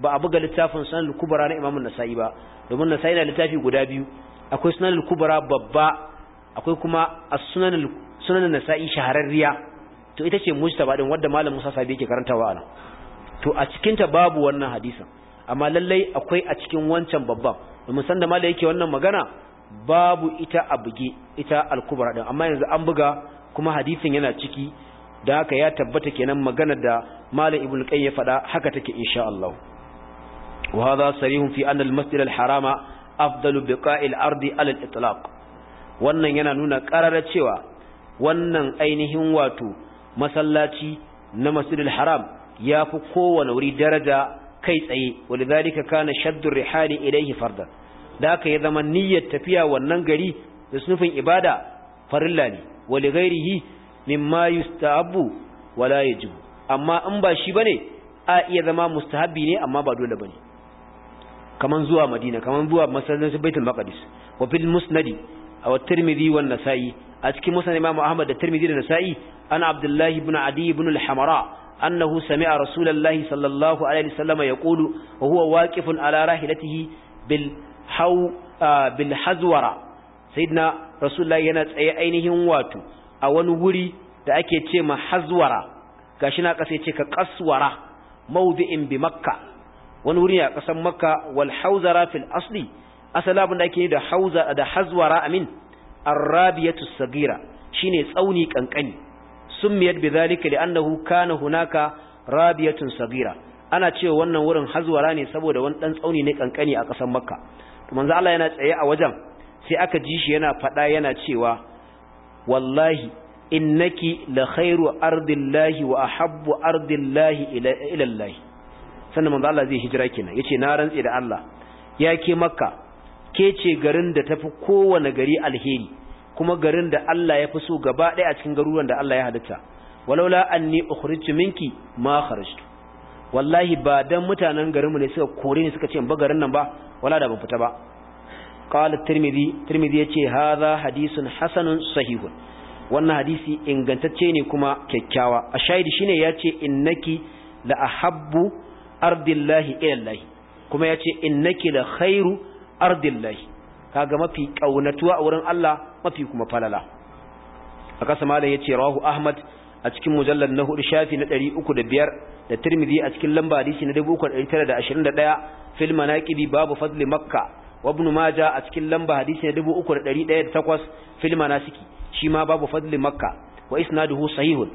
ba a buga littafin sunan al na Imam nasai ba domin Nasa'i na littafi guda biyu akwai sunan al babba akwai kuma a sunan Nasa'i shahararriya to ita ce ba din wadda malam Musa Sabi yake karantawa ana to a cikin babu wannan hadisin amma lallai akwai a cikin wancan babban domin sanda malam yake wannan magana babu ita a buge ita al-kubra din amma yanzu an buga kuma hadisin yana ciki da haka ya tabbata kenan magana da malam ibnu qayyim ya faɗa haka take insha Allah wa hadha sarihun fi anna al-masjid al-harama afdalu biqa'il ardi ala al-itlaq wannan yana nuna karara cewa wannan ainihin wato masallaci na masjidil haram ya fi kowane wuri daraja kai tsaye walidhalika kana shaddu rihali ilayhi farda da haka ya zama niyyar tafiya wannan gari da sunufin ibada farilla ne Wali li ghairihi mimma yustahabbu wala yajibu amma in ba shi bane a iya zama mustahabbi ne amma ba dole bane kaman zuwa madina kaman zuwa masallacin baitul maqdis wa fil musnadi wa tirmidhi wa nasa'i a cikin musnad imam ahmad da tirmidhi da nasa'i ana abdullahi ibn adi ibn al-hamara annahu sami'a rasulullahi sallallahu alaihi wasallam yaqulu wa huwa waqifun ala rahilatihi bil haw bil hazwara sayyidina rasulullahi yana tsaye ainihin wato a wani wuri da ake ce ma hazwara gashi na kasa ce ka kaswara mawdi'in bi makka wani wuri a ƙasan makka wal hauzara fil asli asala abin da ake yi da hauza da hazwara amin arrabiyatu sagira shine tsauni kankani summiyat bi zalika li'annahu kana hunaka rabiyatun sagira ana cewa wannan wurin hazwara ne saboda wani dan tsauni ne kankani a ƙasan makka manzo Allah yana tsaye a wajen sai aka ji shi yana faɗa yana cewa wallahi innaki la khairu ardillahi wa ahabbu ardillahi ila Allah sannan manzo Allah zai hijira kenan yace na rantsi da Allah ya ke makka ke ce garin da tafi kowane gari alheri kuma garin da Allah ya fi so gaba ɗaya a cikin garuruwan da Allah ya halitta walaula anni ukhrijtu minki ma kharajtu wallahi ba dan mutanen garinmu ne suka kore ne suka ce ba garin nan ba wala da ban fita ba qala tirmidhi tirmidhi yace haza hadisin Hassanun sahihun wannan hadisi ingantacce ne kuma kyakkyawa a shahidi shine yace innaki la ahabbu ardillahi ilallahi kuma yace innaki la khairu ardillahi kaga mafi kaunatuwa a wurin Allah mafi kuma falala a kasa malam yace rahu ahmad a cikin mujallar na hudu shafi na uku da tirmidhi a cikin lamba hadisi na 3921 fil manaqibi babu fadli makka Wabnu maja a cikin lamba hadisi na 3108 fil manasiki shi ma babu fadli makka wa isnaduhu sahihun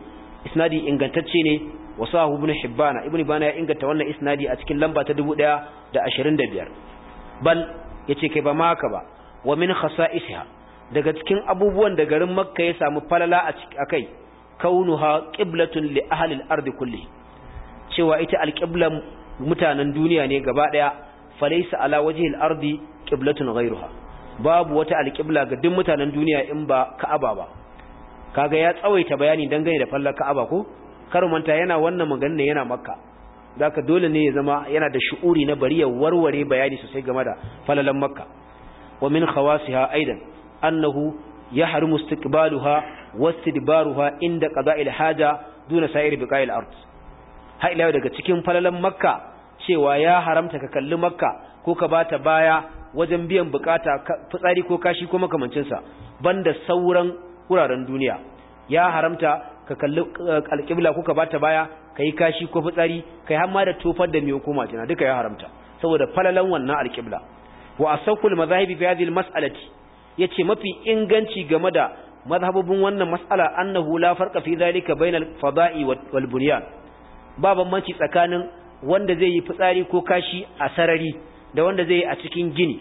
isnadi ingantacce ne wasu sahu na hibban ibn bana ya inganta wannan isnadi a cikin lamba ta biyar. bal ya ce kai ba maka ba wa min isha, daga cikin abubuwan da garin makka ya samu falala a kai kaunuha qiblatun li ahli al kulli cewa ita al mutanen duniya ne gaba ɗaya? falaysa ala wajhi al-ardi qiblatun ghayruha babu wata alqibla ga duk mutanen duniya in ba ka'aba ba kaga ya tsawaita bayani dangane da fallar ka'aba ko karumanta yana wannan magana ne yana makka zaka dole ne ya zama yana da shu'uri na bari ya warware bayani sosai game da falalan makka wa min khawasiha aidan annahu yahrumu istiqbaluha wastidbaruha inda qada'il haja duna sa'ir biqa'il ard ha ila daga cikin falalan makka cewa ya haramta ka kalli makka ko ka bata baya wajen biyan bukata fitsari ko kashi ko makamancinsa banda sauran wuraren duniya ya haramta ka kalli eh, alƙibla ko ka bata baya ka yi kashi ko fitsari ka yi hamma da tofar da mai majina, jina duka ya haramta saboda falalan wannan alƙibla wa asawkul mazahibi fi hadhihi almas'alati yace mafi inganci game da mazhabubin wannan mas'ala annahu la farqa fi dhalika bainal fada'i wal bunyan ba bambanci tsakanin wanda zai yi fitsari ko kashi a sarari da wanda zai yi a cikin gini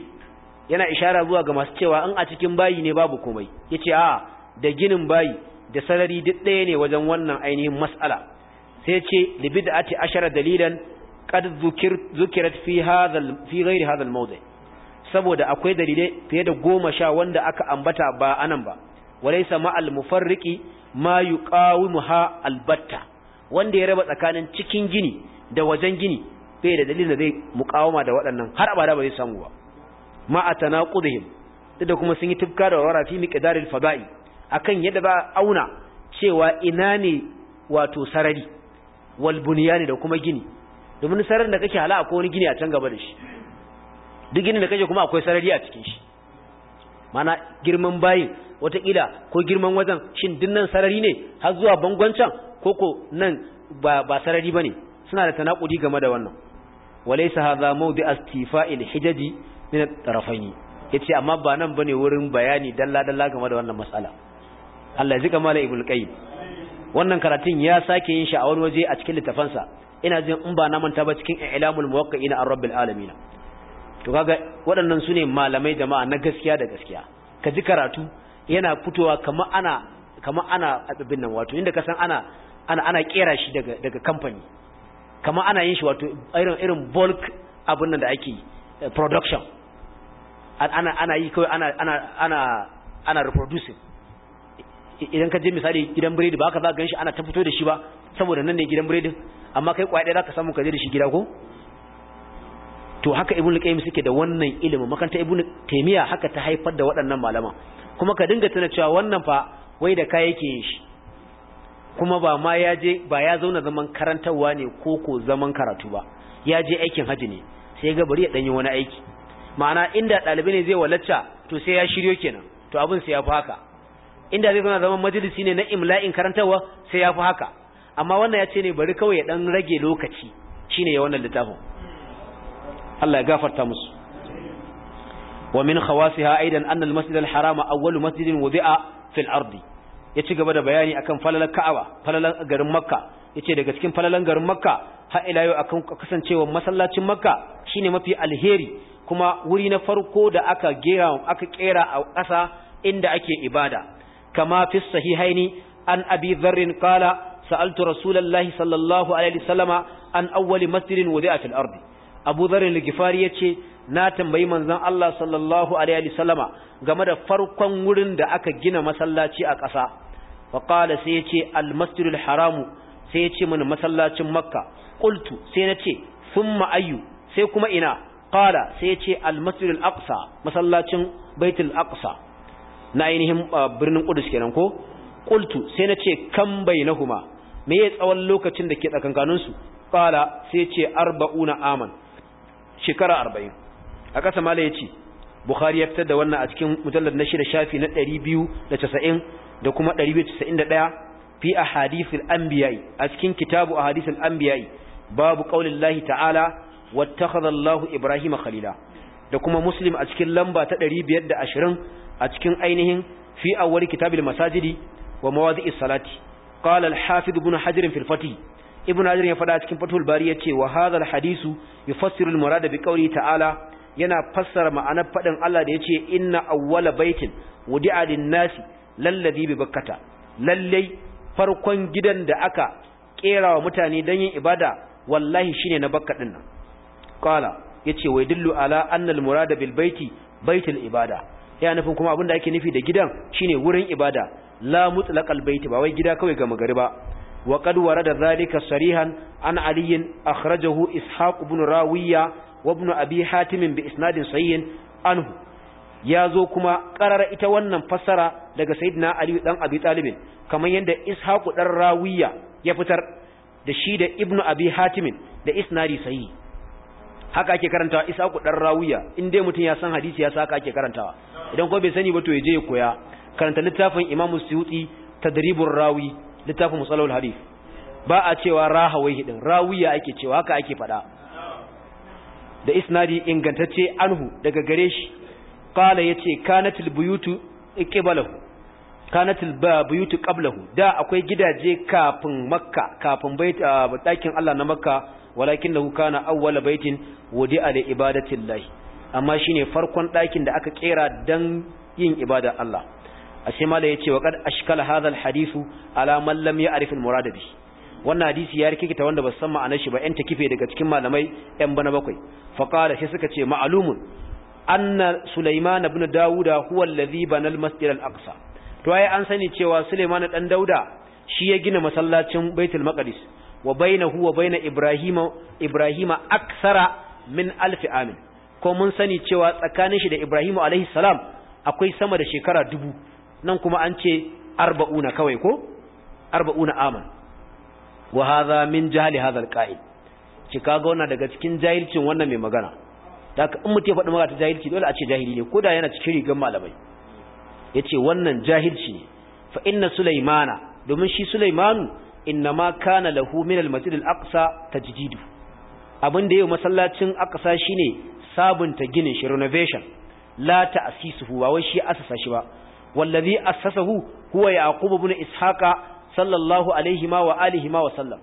yana ishara zuwa ga masu cewa in a cikin bayi ne babu komai Ya ce a da ginin bayi da sarari duk ɗaya ne wajen wannan ainihin mas'ala sai yace a bid'ati ashara dalilan qad zukirat fi hadha fi ghairi saboda akwai dalilai fiye da goma sha wanda aka ambata ba anan ba walaysa al mufarriqi ma yuqawimuha albatta wanda ya raba tsakanin cikin gini da wajen gini bai da dalilin da zai mukawama da waɗannan har abada ba zai samu ba ma a tanaqudihim da kuma sun yi tufka da wara fi miqdaril fada'i akan yadda ba auna cewa ina ne wato sarari wal ne da kuma gini domin sararin da kake hala akwai wani gini a can gaba da shi duk ginin da kake kuma akwai sarari a cikin shi mana girman bayin watakila ko girman wajen shin dinnan sarari ne har zuwa bangon can ko ko nan ba sarari ba ne suna da tanakudi game da wannan walaysa hadha mawdi istifa'il hijaji min at-tarafayn yace amma ba nan bane wurin bayani dalla dalla game da wannan mas'ala Allah ya zika malai ibul qayyim wannan karatun ya sake yin shi a wani waje a cikin littafansa ina jin in ba na manta ba cikin i'lamul muwaqqi'ina ar-rabbil alamin to kaga waɗannan sune malamai jama'a na gaskiya da gaskiya ka ji karatu yana fitowa kamar ana kamar ana abin nan wato inda ka san ana ana ana kera shi daga daga kamfani kamar ana yin shi wato irin irin bulk abin nan da ake eh, production ana ana yi kawai ana ana ana ana reproducing idan ka je misali gidan biredi ba ka za ka ganshi ana ta fito da shi ba saboda nan ne gidan biredin amma kai kwaya ɗaya za ka samu ka je da shi gida ko to haka ibn al-qayyim suke da wannan ilimin makanta ibn taymiya haka ta haifar da waɗannan malama kuma ka dinga tana cewa wannan fa wai da kai yake yin shi kuma ba ma ya je ba ya zauna zaman karantarwa ne ko ko zaman karatu ba ya je aikin haji ne sai ga bari ya danyi wani aiki ma'ana inda ɗalibi ne zai walacca to sai ya shiryo kenan to abin sai ya fi haka inda zai zauna zaman majalisi ne na imla'in karantarwa sai ya fi haka amma wannan ya ce ne bari kawai ya dan rage lokaci shine ya wannan littafin Allah ya gafarta musu wa min khawasiha aidan anna al-masjid al-harama awwalu masjidin wudi'a fil ardi ya ci gaba da bayani akan falalar Ka'aba falalar garin Makka yace daga cikin falalan garin Makka har ila yau akan kasancewar masallacin Makka shine mafi alheri kuma wuri na farko da aka gera aka kera a ƙasa inda ake ibada kama fi sahihaini an abi dharrin qala sa'altu rasulullahi sallallahu alaihi wasallama an awwali masjidin wudi'a fil ardi abu dharrin al-ghifari yace na tambayi manzon Allah sallallahu alaihi sallama game da farkon wurin da aka gina masallaci a ƙasa fa qala sai yace al masjidul haram sai yace mana masallacin makka qultu sai nace thumma ayyu sai kuma ina qala sai yace al masjidul aqsa masallacin baitul aqsa na ainihin ah, birnin Qudus kenan ko qultu sai nace kam bainahuma me ya tsawon lokacin da ke tsakankaninsu qala sai yace arba'una aman shekara arba'in a ƙasa mala ya ce bukhari ya fitar da wannan a cikin mujallar na shida shafi na 290 da kuma 291 fi ahadithul anbiya'i a cikin kitabu a ahadithul anbiya'i babu lahi ta'ala wata Allahu Ibrahima khalila da kuma muslim a cikin lamba ta 520 a cikin ainihin fi a awwal kitabin masajidi wa mawadi'is salati qala al-hafiz ibn hajar fil ibn hajar ya fada cikin fathul bari ya ce hadha al-hadisu yufassiru al ta'ala yana fassara ma'anar faɗin Allah da ya ce inna awwala baitin wudi'a lin-nasi lallabi bi bakkata lallai farkon gidan da aka kera wa mutane don yin ibada wallahi shine na bakka din nan qala yace wai yadullu ala anna al-murada bil baiti baitul ibada ya nufin kuma abinda ake nufi da gidan shine wurin ibada la mutlaqal baiti ba wai gida kawai ga magari ba وقد da ذلك sarihan an aliyin أخرجه إسحاق بن راوية وابن أبي abi بإسناد صحيح isnadin sahihin anhu ya zo kuma ƙarar ita wannan fassara daga na Aliyu dan abi talibin kamar yadda ishaqu dan rawiya ya fitar da shi da ibnu abi hatimin da isnadi sayi. haka ake karantawa ishaqu dan rawiya in dai mutum ya san hadisi ya saka ake karantawa idan ko bai sani ba to ya je ya koya karanta littafin imamu suyuti tadribur rawi littafin musalul hadith ba a cewa rahawai hidin rawiya ake cewa haka ake faɗa da isnadi ingantacce anhu daga gare shi qala yace kanatil buyutu iqbalahu kanatil buyutu qablahu da akwai gidaje kafin makka kafin bait dakin ah, Allah na makka walakinahu kana awwal baitin wudi'a li llahi amma shine farkon dakin da aka kera dan yin ibada Allah ashe mala yace wa kad ashkala hadha alhadithu ala man lam ya'rif almurad muradabi wannan hadisi ya rikikita wanda ba san ma'anar shi ba yan takife daga cikin malamai yan bana bakwai fa qala shi suka ce ma'lumun anna sulaiman ibn dauda huwa alladhi banal masjid al-aqsa to ai an sani cewa sulaiman dan dauda shi ya gina masallacin baitul maqdis wa bainahu wa bain ibrahima ibrahima aksara min alf amin ko mun sani cewa tsakanin shi da ibrahima alayhi salam akwai sama da shekara dubu nan kuma an ce arba'una kawai ko arba'una aman Wahazamin hadha min jahli hadha alqa'id ki daga cikin jahilcin wannan mai magana haka in mutum ya faɗi magana ta jahilci dole a ce jahili ne koda yana cikin rigan malamai yace wannan jahilci ne fa inna sulaimana domin shi sulaimanu ma kana lahu min al-masjid al-aqsa tajdidu abin da yau masallacin aqsa shine sabunta ginin shi renovation la ta'sisuhu wa wai shi asasa shi ba wallazi asasahu huwa yaqub ibn ishaqa sallallahu alaihi ma wa alihi ma wa sallam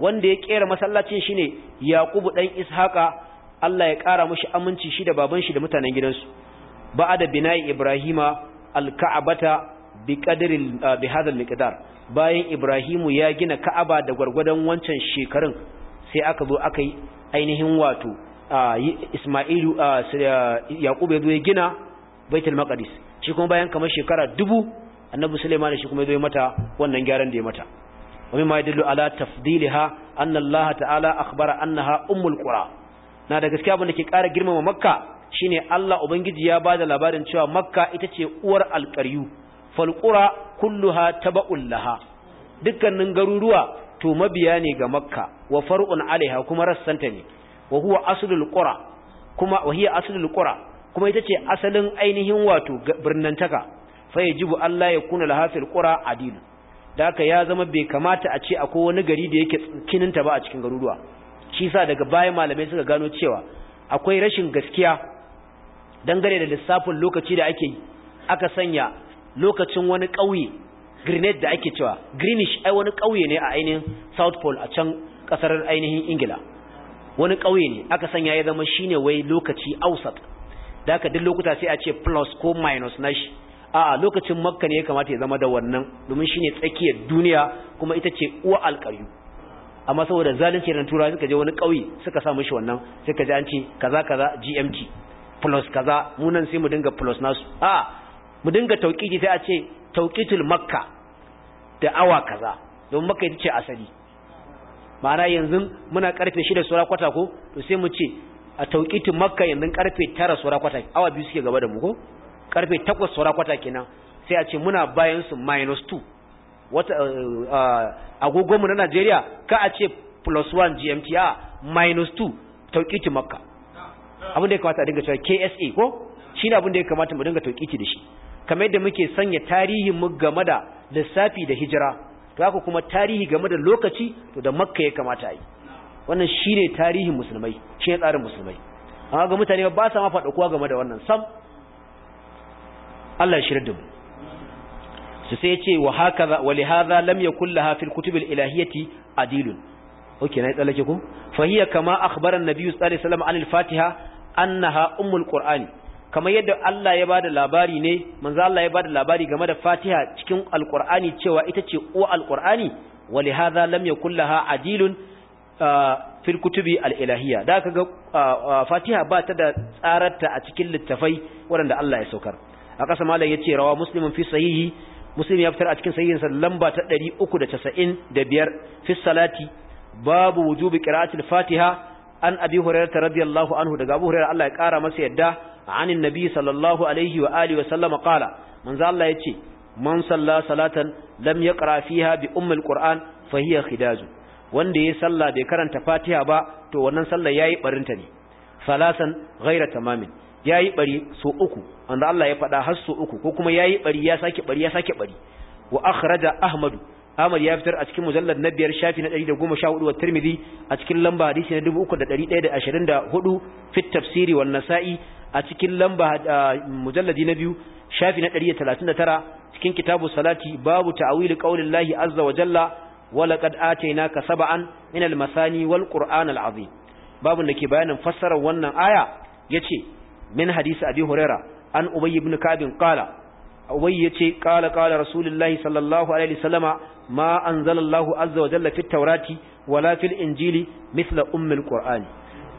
wanda ya kera masallacin shine yaqub dan ishaqa Allah ya kara mushi aminci shi da baban shi da mutanen gidansu da bina'i ibrahima alka'abata bi qadri ah, bi hada almiqdar bayan ibrahimu ya gina ka'aba da gwargwadon wancan shekarun sai aka zo aka yi ainihin wato ah, isma'ilu ah, yaqub ya zo ya gina baitul maqdis shi kuma bayan kamar shekara dubu annabi sulaiman shi kuma ya zo mata wannan gyaran da ya mata wa mimma yadullu ala tafdilha anna allah ta'ala akhbara annaha ummul qura na da gaskiya abin da ke ƙara girmama makka shine allah ubangiji ya bada labarin cewa makka ita ce uwar alƙaryu fal qura kulluha taba'ul laha dukkanin garuruwa to mabiya ne ga makka wa far'un alaiha kuma rassanta ne wa huwa aslul qura kuma wa hiya aslul qura kuma ita ce asalin ainihin wato birnin taka fa jibu Allah ya kuna lahafil a adilu da haka ya zama bai kamata a ce akwai wani gari da yake kininta ba a cikin garuruwa shi sa daga baya malamai suka gano cewa akwai rashin gaskiya dangane da lissafin lokaci da ake aka sanya lokacin wani ƙauye grenade da ake cewa greenish ai wani ƙauye ne a ainihin south pole a can ƙasar ainihin ingila wani ƙauye ne aka sanya ya zama shine wai lokaci ausat da haka duk lokuta sai a ce plus ko minus nashi a lokacin makka ne ya kamata ya zama da wannan domin shine tsakiyar duniya kuma ita ce uwa alƙaryu amma saboda zalunci da turawa suka je wani ƙauye suka sa mishi wannan ka ji an ce kaza kaza GMT plus kaza mu nan sai mu dinga plus nasu a mu dinga tauƙiti sai a ce tauƙitul makka da awa kaza domin makka ita ce asali ma'ana yanzu muna karfe 6 sura kwata ko to sai mu ce a tauƙitin makka yanzu karfe 9 sura kwata awa biyu suke gaba da mu ko karfe 8 saura kwata kenan sai a ce muna bayan su minus 2 wata eh, eh, agogon mu na Najeriya ka a ce plus 1 GMT a minus 2 tauqiti makka abin da ya kamata a dinga cewa KSA ko ne abin da ya kamata mu dinga tauqiti da shi kamar yadda muke sanya tarihin mu game da lissafi da hijira to haka kuma tarihi game da lokaci to da makka ya kamata a yi wannan shi ne tarihin musulmai ne tsarin musulmai amma ga mutane ba sa ma faɗa kowa game da wannan sam Allah ya shirya mu su sai ce wa haka wa lihaza lam yakul laha fil kutub al ilahiyati adilun okay na tsallake ko fa hiya kama akhbara an-nabi sallallahu alaihi wasallam anil fatiha annaha ummul qur'ani kamar yadda Allah ya bada labari ne manzo Allah ya bada labari game da fatiha cikin alqur'ani cewa ita ce uwa alqur'ani wa lihaza lam yakul laha adilun ah, fil al-ilahiyya da kaga ah, ah, fatiha ba ta da tsararta a cikin littafai waɗanda Allah ya saukar Akasa Malam ya ce rawa muslimin fi sahihi muslim ya fitar a cikin sahihinsa lamba ta biyar. fi salati babu wujubi qira'atil fatiha an abi hurairah radiyallahu anhu daga abu hurairah Allah ya kara masa yadda anin nabi sallallahu alaihi wa alihi wa sallama qala manzo Allah ce man salla salatan lam yaqra fiha bi ummul qur'an fa hiya khidaju wanda yayi sallah bai karanta fatiha ba to wannan sallar yayi barinta ne salasan ghaira tamamin yayi bari so uku wanda Allah ya faɗa har so uku ko kuma yayi bari ya sake bari ya sake bari wa akhraja ahmadu Ahmad ya fitar a cikin mujallad na biyar shafi na hudu wa Tirmidhi a cikin lamba hadisi na hudu fi tafsiri wan Nasa'i a cikin lamba mujalladi na biyu shafi na tara. cikin kitabu salati babu ta'wil qaulillahi azza wa jalla wa laqad atainaka sab'an min al-masani wal qur'an al-azim babun ke bayanin fassarar wannan aya yace min hadisi abi huraira an ubayy ibn ka'b qala ubayy yace qala qala rasulullahi sallallahu alaihi wasallama ma anzalallahu azza wa jalla fit tawrati injili mithla ummil qur'ani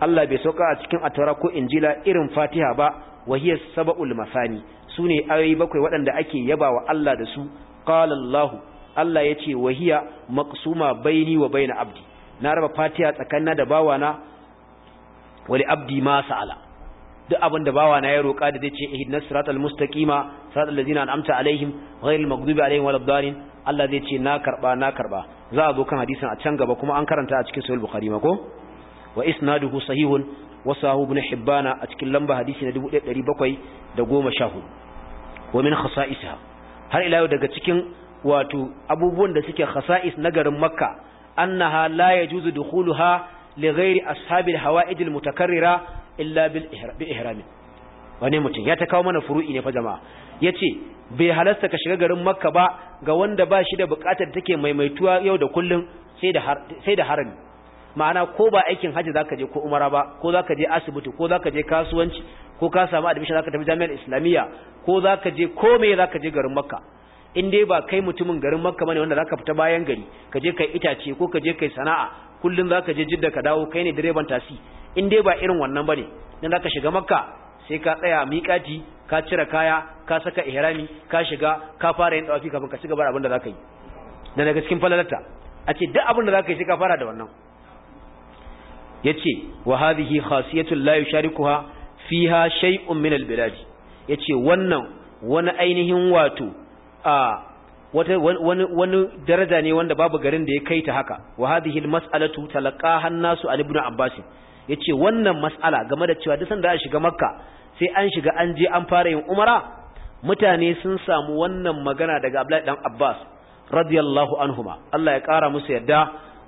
Allah bai sauka a cikin atara ko injila irin fatiha ba wahiyar saba'ul masani su ne ayoyi bakwai waɗanda ake yabawa Allah da su ƙalallahu Allah ya ce wahiya maksuma baini wa baina abdi na raba fatiha tsakanina da bawana wali abdi ma sa'ala duk abin da bawa na ya roƙa da zai ce ihdinas siratal mustaqima siratal ladzina an'amta alaihim ghayril maghdubi alaihim waladdallin Allah zai ce na karba na karba za a zo kan hadisin a can gaba kuma an karanta a cikin sahih bukhari ma ko wa isnaduhu sahihun wa sahu ibn hibbana a cikin lamba hadisi na 1714 wa min khasa'isha har ila yau daga cikin wato abubuwan da suke khasa'is na garin makka annaha la yajuzu dukhuluha li ghairi ashabil hawa'idil mutakarrira illa bil ihramin wani mutum ya ta kawo mana furu'i ne fa jama'a yace bai halasta ka shiga garin makka ba ga wanda ba shi da bukatar take maimaituwa yau da kullum sai da sai da harami ma'ana ko ba aikin haji zaka je ko umara ba ko zaka je asibiti ko zaka je kasuwanci ko ka samu admission zaka tafi jami'ar islamiyya ko zaka je ko me zaka je garin makka in dai ba kai mutumin garin makka bane wanda zaka fita bayan gari ka je kai itace ko ka je kai sana'a kullun zaka je jidda ka dawo kai ne direban tasi in dai ba irin wannan bane dan zaka shiga makka sai ka tsaya miƙati ka cire kaya ka saka ihrami ka shiga ka fara yin dawafi kafin ka shiga bar da abin da zaka yi dan daga cikin falalarta a ce duk abin da zaka yi sai ka fara da wannan yace wa hadhihi khasiyatu la yusharikuha fiha shay'un min albilad yace wannan wani ainihin wato a wata wani wani daraja ne wanda babu garin da ya kai ta haka wa hadhihi almas'alatu talaqaha an-nasu abbas yace wannan mas'ala game da cewa duk sanda a shiga makka sai an shiga an je an fara yin umara mutane sun samu wannan magana daga Abdullahi dan Abbas radiyallahu anhuma Allah ya kara musu yadda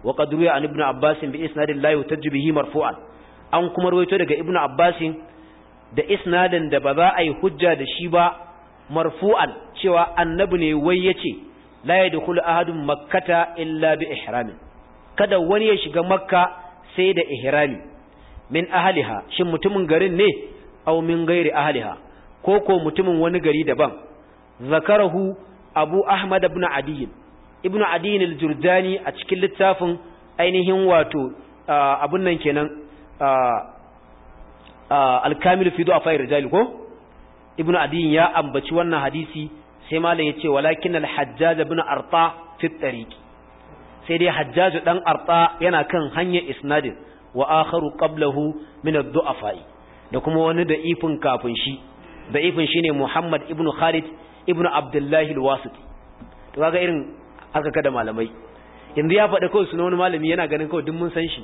wa qad ruya an ibnu Abbas bi isnadin la yutajju bihi marfu'an an kuma ruwaito daga ibnu Abbas da isnadin da ba za a yi hujja da shi ba marfu'an cewa annabi ne wai yace la yadkhulu ahadun makkata illa bi ihramin kada wani ya shiga makka sai da ihrami min ahliha shin mutumin garin ne aw min ghairi ahliha ko ko mutumin wani gari daban zakarahu abu ahmad ibn Adiyin ibn adiyin al-jurdani a cikin littafin ainihin wato abun nan kenan al-kamil fi du'a fa'ir rijal ko ibn Adiyin ya ambaci wannan hadisi sai malam yace walakin al-hajjaj ibn arta fi at-tariq sai dai hajjaj dan arta yana kan hanyar isnadin wa akharu qablahu min ad-du'afa'i da kuma wani da ifin kafin shi da ifin shine Muhammad ibn Khalid ibn Abdullah al-Wasiti to kaga irin aka kada malamai yanzu ya faɗa kawai sunan wani malami yana ganin kawai duk mun san shi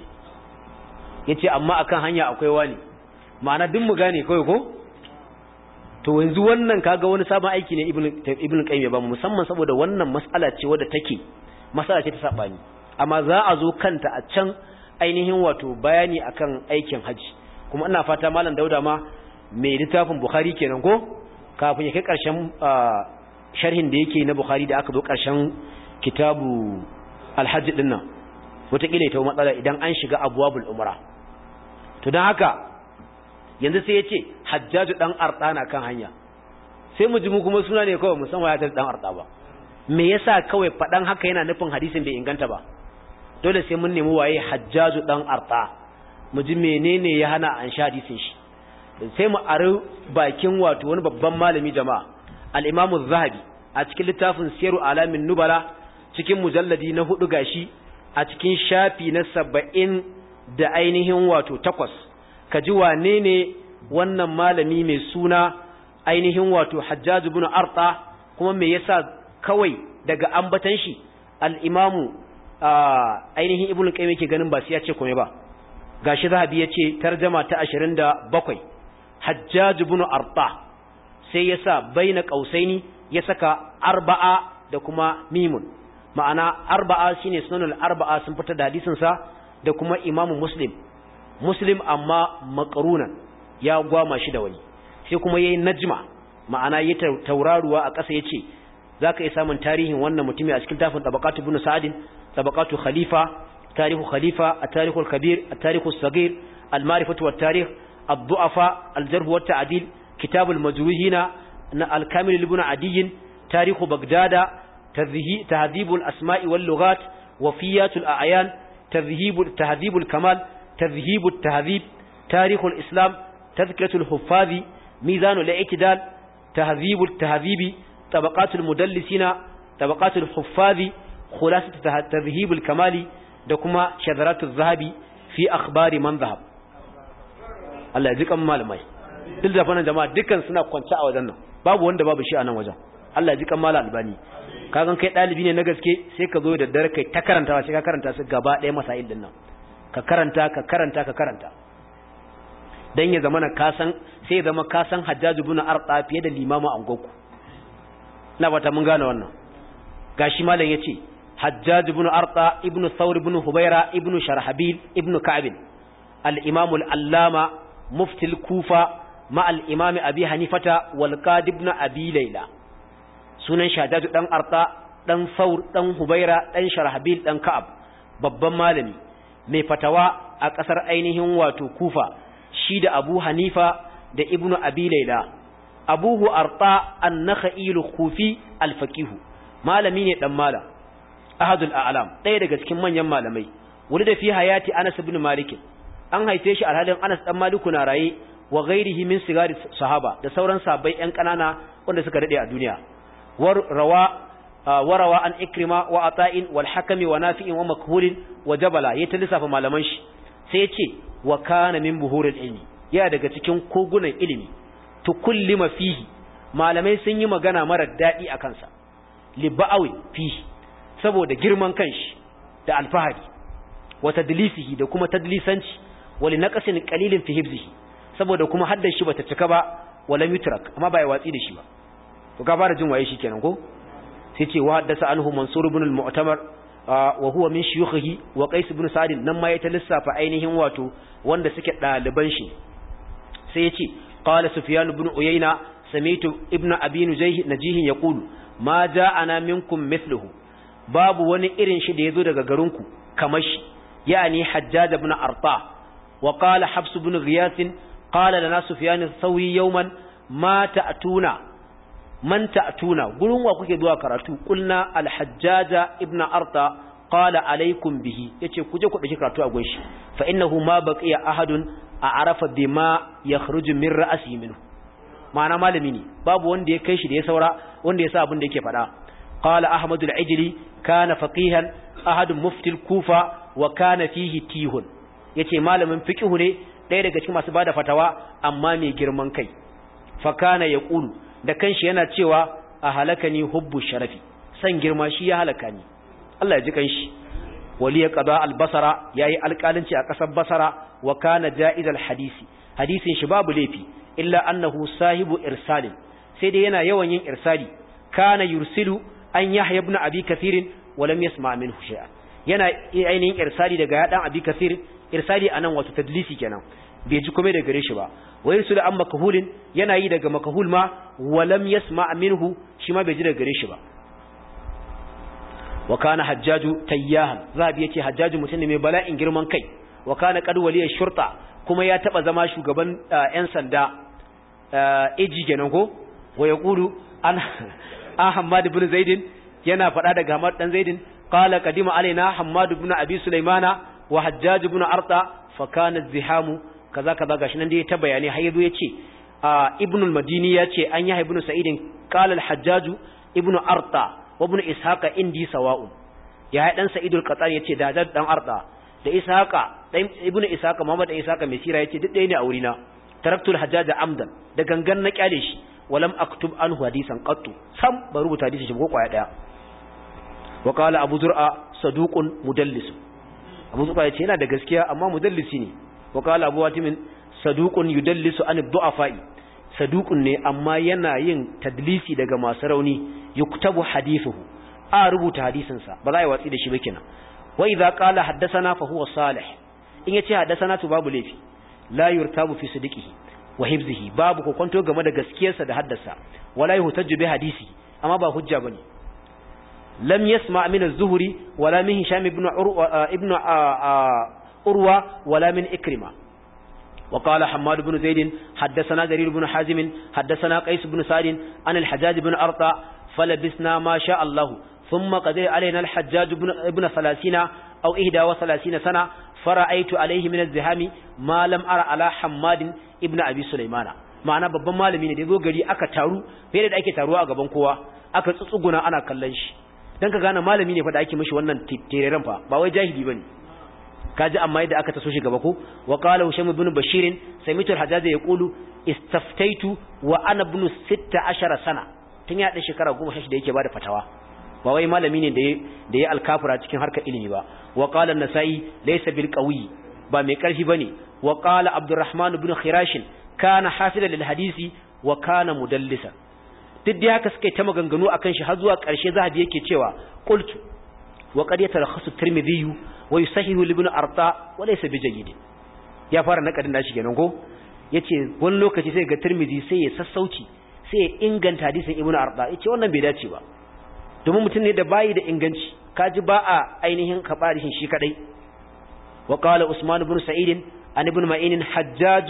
yace amma akan hanya akwai wani ma'ana duk mu gane kawai ko to yanzu wannan kaga wani sabon aiki ne ibn ibn qayyim ba musamman saboda wannan mas'ala ce wadda take mas'ala ce ta sabani amma za a zo kanta a can ainihin wato bayani akan aikin haji kuma ina fata malam dauda ma mai littafin bukhari kenan ko kafin ya kai karshen sharhin da yake na bukhari da aka zo karshen kitabu alhaji din nan wataƙila ita matsala idan an shiga abuwabul umra to don haka yanzu sai ya ce hajjaju ɗan arɗa kan hanya sai mu ji mu kuma suna ne kawai musamman ya ta ɗan arɗa ba me yasa kawai faɗan haka yana nufin hadisin bai inganta ba dole sai mun nemi waye hajjaju dan arta mu ji menene ya hana an sha hadisin shi sai mu ari bakin wato wani babban malami jama'a al-imamu zahabi a cikin littafin a alamin nubala cikin mujalladi na hudu gashi a cikin shafi na saba'in da ainihin wato takwas ka ji wane ne wannan malami mai suna ainihin wato hajjaju bin arta kuma me yasa kawai daga ambatan shi al-imamu ainihin ibulun qayyim yake ganin ba su ya ce kome ba gashi zahabi ce tarjuma ta ashirin da bakwai hajjaj ibn arta sai yasa baina ni ya saka arba'a da kuma mimun ma'ana arba'a shine sunanul arba'a sun fita da hadisin sa da kuma imamu muslim muslim amma makarunan ya gwama shi da wani sai kuma yayi najma ma'ana ya tauraruwa a ƙasa yace zaka yi samun tarihin wannan mutumi a cikin tafin tabaqatu ibn sa'adin طبقات خليفة تاريخ خليفة التاريخ الكبير التاريخ الصغير المعرفة والتاريخ الضعفاء الجرب والتعديل كتاب المزوهين الكامل لبن عدي تاريخ بغداد تهذيب الأسماء واللغات وفيات الأعيان تذهيب تهذيب الكمال تذهيب التهذيب تاريخ الإسلام تذكرة الحفاظ ميزان الاعتدال تهذيب التهذيب طبقات المدلسين طبقات الحفاظ خلاصة تذهيب kamali da kuma shadaratu zahabi fi akhbari man zahab Allah ya ji kan malamai duk da jama'a dukkan suna kwance a wajen nan babu wanda babu shi a nan wajen Allah ya ji kagan kai dalibi ne na gaske sai ka zo da dare kai ta karanta sai ka karanta su gaba ɗaya masail din nan ka karanta ka karanta ka karanta dan ya zama ka san sai ya zama ka san Hajjaj ibn fiye da limamin angoku na bata mun gane wannan gashi malam yace Hajjaju ibn arta ibn saur ibn hubaira ibn sharhabil ibn ka'b al-imam allama mufti kufa ma al-imam abi hanifata sunan shadadu dan arta dan saur dan hubaira dan sharhabil dan ka'ab babban malami mai fatawa a ƙasar ainihin wato kufa shi da abu hanifa da ibnu Abilaila. abuhu arta an-nakhil khufi al-faqih malami ne ɗan malam ahadul a'lam ɗaya daga cikin manyan malamai wani da fi hayati Anas ibn Malik an haife shi alhalin Anas dan Maliku na raye wa ghairihi min sigari sahaba da sauran sabai yan ƙanana wanda suka dade a duniya war rawa ah, warawa an ikrima wa ata'in wal hakami wa nafi'in wa makhulin wa jabala ya ta lissafa malaman shi sai ya ce wa kana min buhuril ya daga cikin kogunan ilimi tukullima fihi malamai sun yi magana mara daɗi a kansa liba'awi fihi saboda girman kanshi da alfahari wa tadlisihi da kuma tadlisanci wali naqsin qalilin fi hibzihi saboda kuma haddan shi bata cika ba wala yutrak amma bai watsi da shi ba to ka fara jin waye shi kenan ko sai ce wa haddasa anhu mansur ibn al-mu'tamar wa huwa min shuyukhihi wa qais ibn sa'd nan ma ya lissafa ainihin wato wanda suke daliban shi sai yace qala sufyan ibn uyayna sami'tu ibn abi najih najih yaqulu ma ja'ana minkum mithluhu babu wani irin shi da ya zo daga garinku kamar shi yani hajjaj ibn arta wa qala habs ibn ghiyas qala lana sufyan sawi yawman ma ta'tuna man ta'tuna gurin wa kuke zuwa karatu kulna al hajjaj ibn arta qala alaikum bihi yace kuje ku dauki karatu a gunshi fa innahu ma baqiya ahadun a arafa ya yakhruju min ra'si minhu ma'ana malami ne babu wanda ya kai shi da ya saura wanda ya sa abin da yake faɗa قال أحمد العجلي كان فقيها أحد مفتي الكوفة وكان فيه تيه يتي مال من ne ɗaya daga cikin masu bada fatawa amma mai girman kai fakana ya ƙulu da kanshi yana cewa a halaka ni hubbu sharafi san girma shi ya halaka ni Allah ya ji kanshi wali ya qada al-basara yayi alƙalanci a ƙasar basara wa kana ja'izal hadisi hadisin shi babu laifi illa annahu sahibu irsalin sai dai yana yawan yin irsali kana yursilu an yahya ibn abi kathir wa yasma minhu shay'a yana ainihin irsali daga ya dan abi kathir irsali anan wato tadlisi kenan bai ji komai daga gare shi ba wa yursul an makhulin yana yi daga makhul ma wa lam yasma minhu shi ma bai ji daga gare shi ba wa kana hajjaju tayyahan zabi yace hajjaju mutum ne mai bala'in girman kai wa kana qad shurta kuma ya taba zama shugaban eh, yan sanda eji eh, kenan ko wa yaqulu an a Hammad ibn Zaidin yana faɗa daga Hammad dan Zaidin qala qadima alaina Hammad ibn Abi Sulaimana wa Hajjaj ibn Arta fa kana zihamu kaza kaza gashi nan dai ta bayani har yazo yace ibn al-Madini yace an yi ibn Sa'idin qala al-Hajjaj ibn Arta wa ibn Ishaqa indi sawa'u ya dan Sa'id al yace da dan Arta da Ishaqa dan ibn Ishaqa Muhammad Ishaqa mai sira yace duk ɗaya ne a wurina taraktul hajjaja amdan da gangan na kyale shi walam aktub anhu hadisan qattu sam ba rubuta hadisin shi ko kwaya daya wa qala abu zur'a saduqun mudallis abu zur'a yace yana da gaskiya amma mudallisi ne wa qala abu watim saduqun yudallisu an du'afai saduqun ne amma yana yin tadlisi daga masu rauni yuktabu hadithuhu a rubuta hadisin sa ba za a yi watsi da shi ba kenan wa idza qala haddathana fa huwa salih in yace haddathana to babu lafi la yurtabu fi sidiqihi wa hibzihi babu kokonto game da gaskiyarsa da haddasa wala yuhtaju bi hadisi amma ba hujja bane lam yasma min az-zuhri wala uh, uh, uh, urwa wala min ikrima Wakala qala hammad Zaidin zayd haddathana jarir ibn hazim haddathana qais ibn sa'd an al-hajjaj ibn arta falabisna Masha Allahu Allah thumma Alaina alayna al-hajjaj aw ihda wa salasina sana fara'aitu alaihi min az-zihami ma ara ala hammadin ibn abi sulaimana ma'ana babban malami ne da yazo gari aka taru fiye da ake taruwa a gaban kowa aka tsutsuguna ana kallon shi dan ka gane malami ne fa da ake mishi wannan tereren fa ba wai jahili bane kaji amma yadda aka taso shi gaba ko wa qala husham ibn bashir samitu al-hajjaj yaqulu istaftaitu wa ana ibn 16 sana tun ya da goma 16 da yake bada fatawa ba wai malami ne da ya alkafura cikin harkar ilimi ba wa qala an-nasai laysa bil qawi ba mai karfi bane wa qala abdurrahman ibn khirash kana hafidan lil hadisi wa kana mudallisa duk da haka suka yi ta maganganu akan shi har zuwa karshe zahabi yake cewa qultu wa qad yatarakhasu tirmidhi wa yusahihu ibn arta wa laysa bijayyid ya fara nakadin nashi kenan ko yace wani lokaci sai ga tirmidhi sai ya sassauci sai ya inganta hadisin ibn arda yace wannan bai dace ba domin mutum ne da bayi da inganci kaji ba a ainihin kabarihin shi kadai wa qala usman ibn sa'id an ibn ma'in hajjaj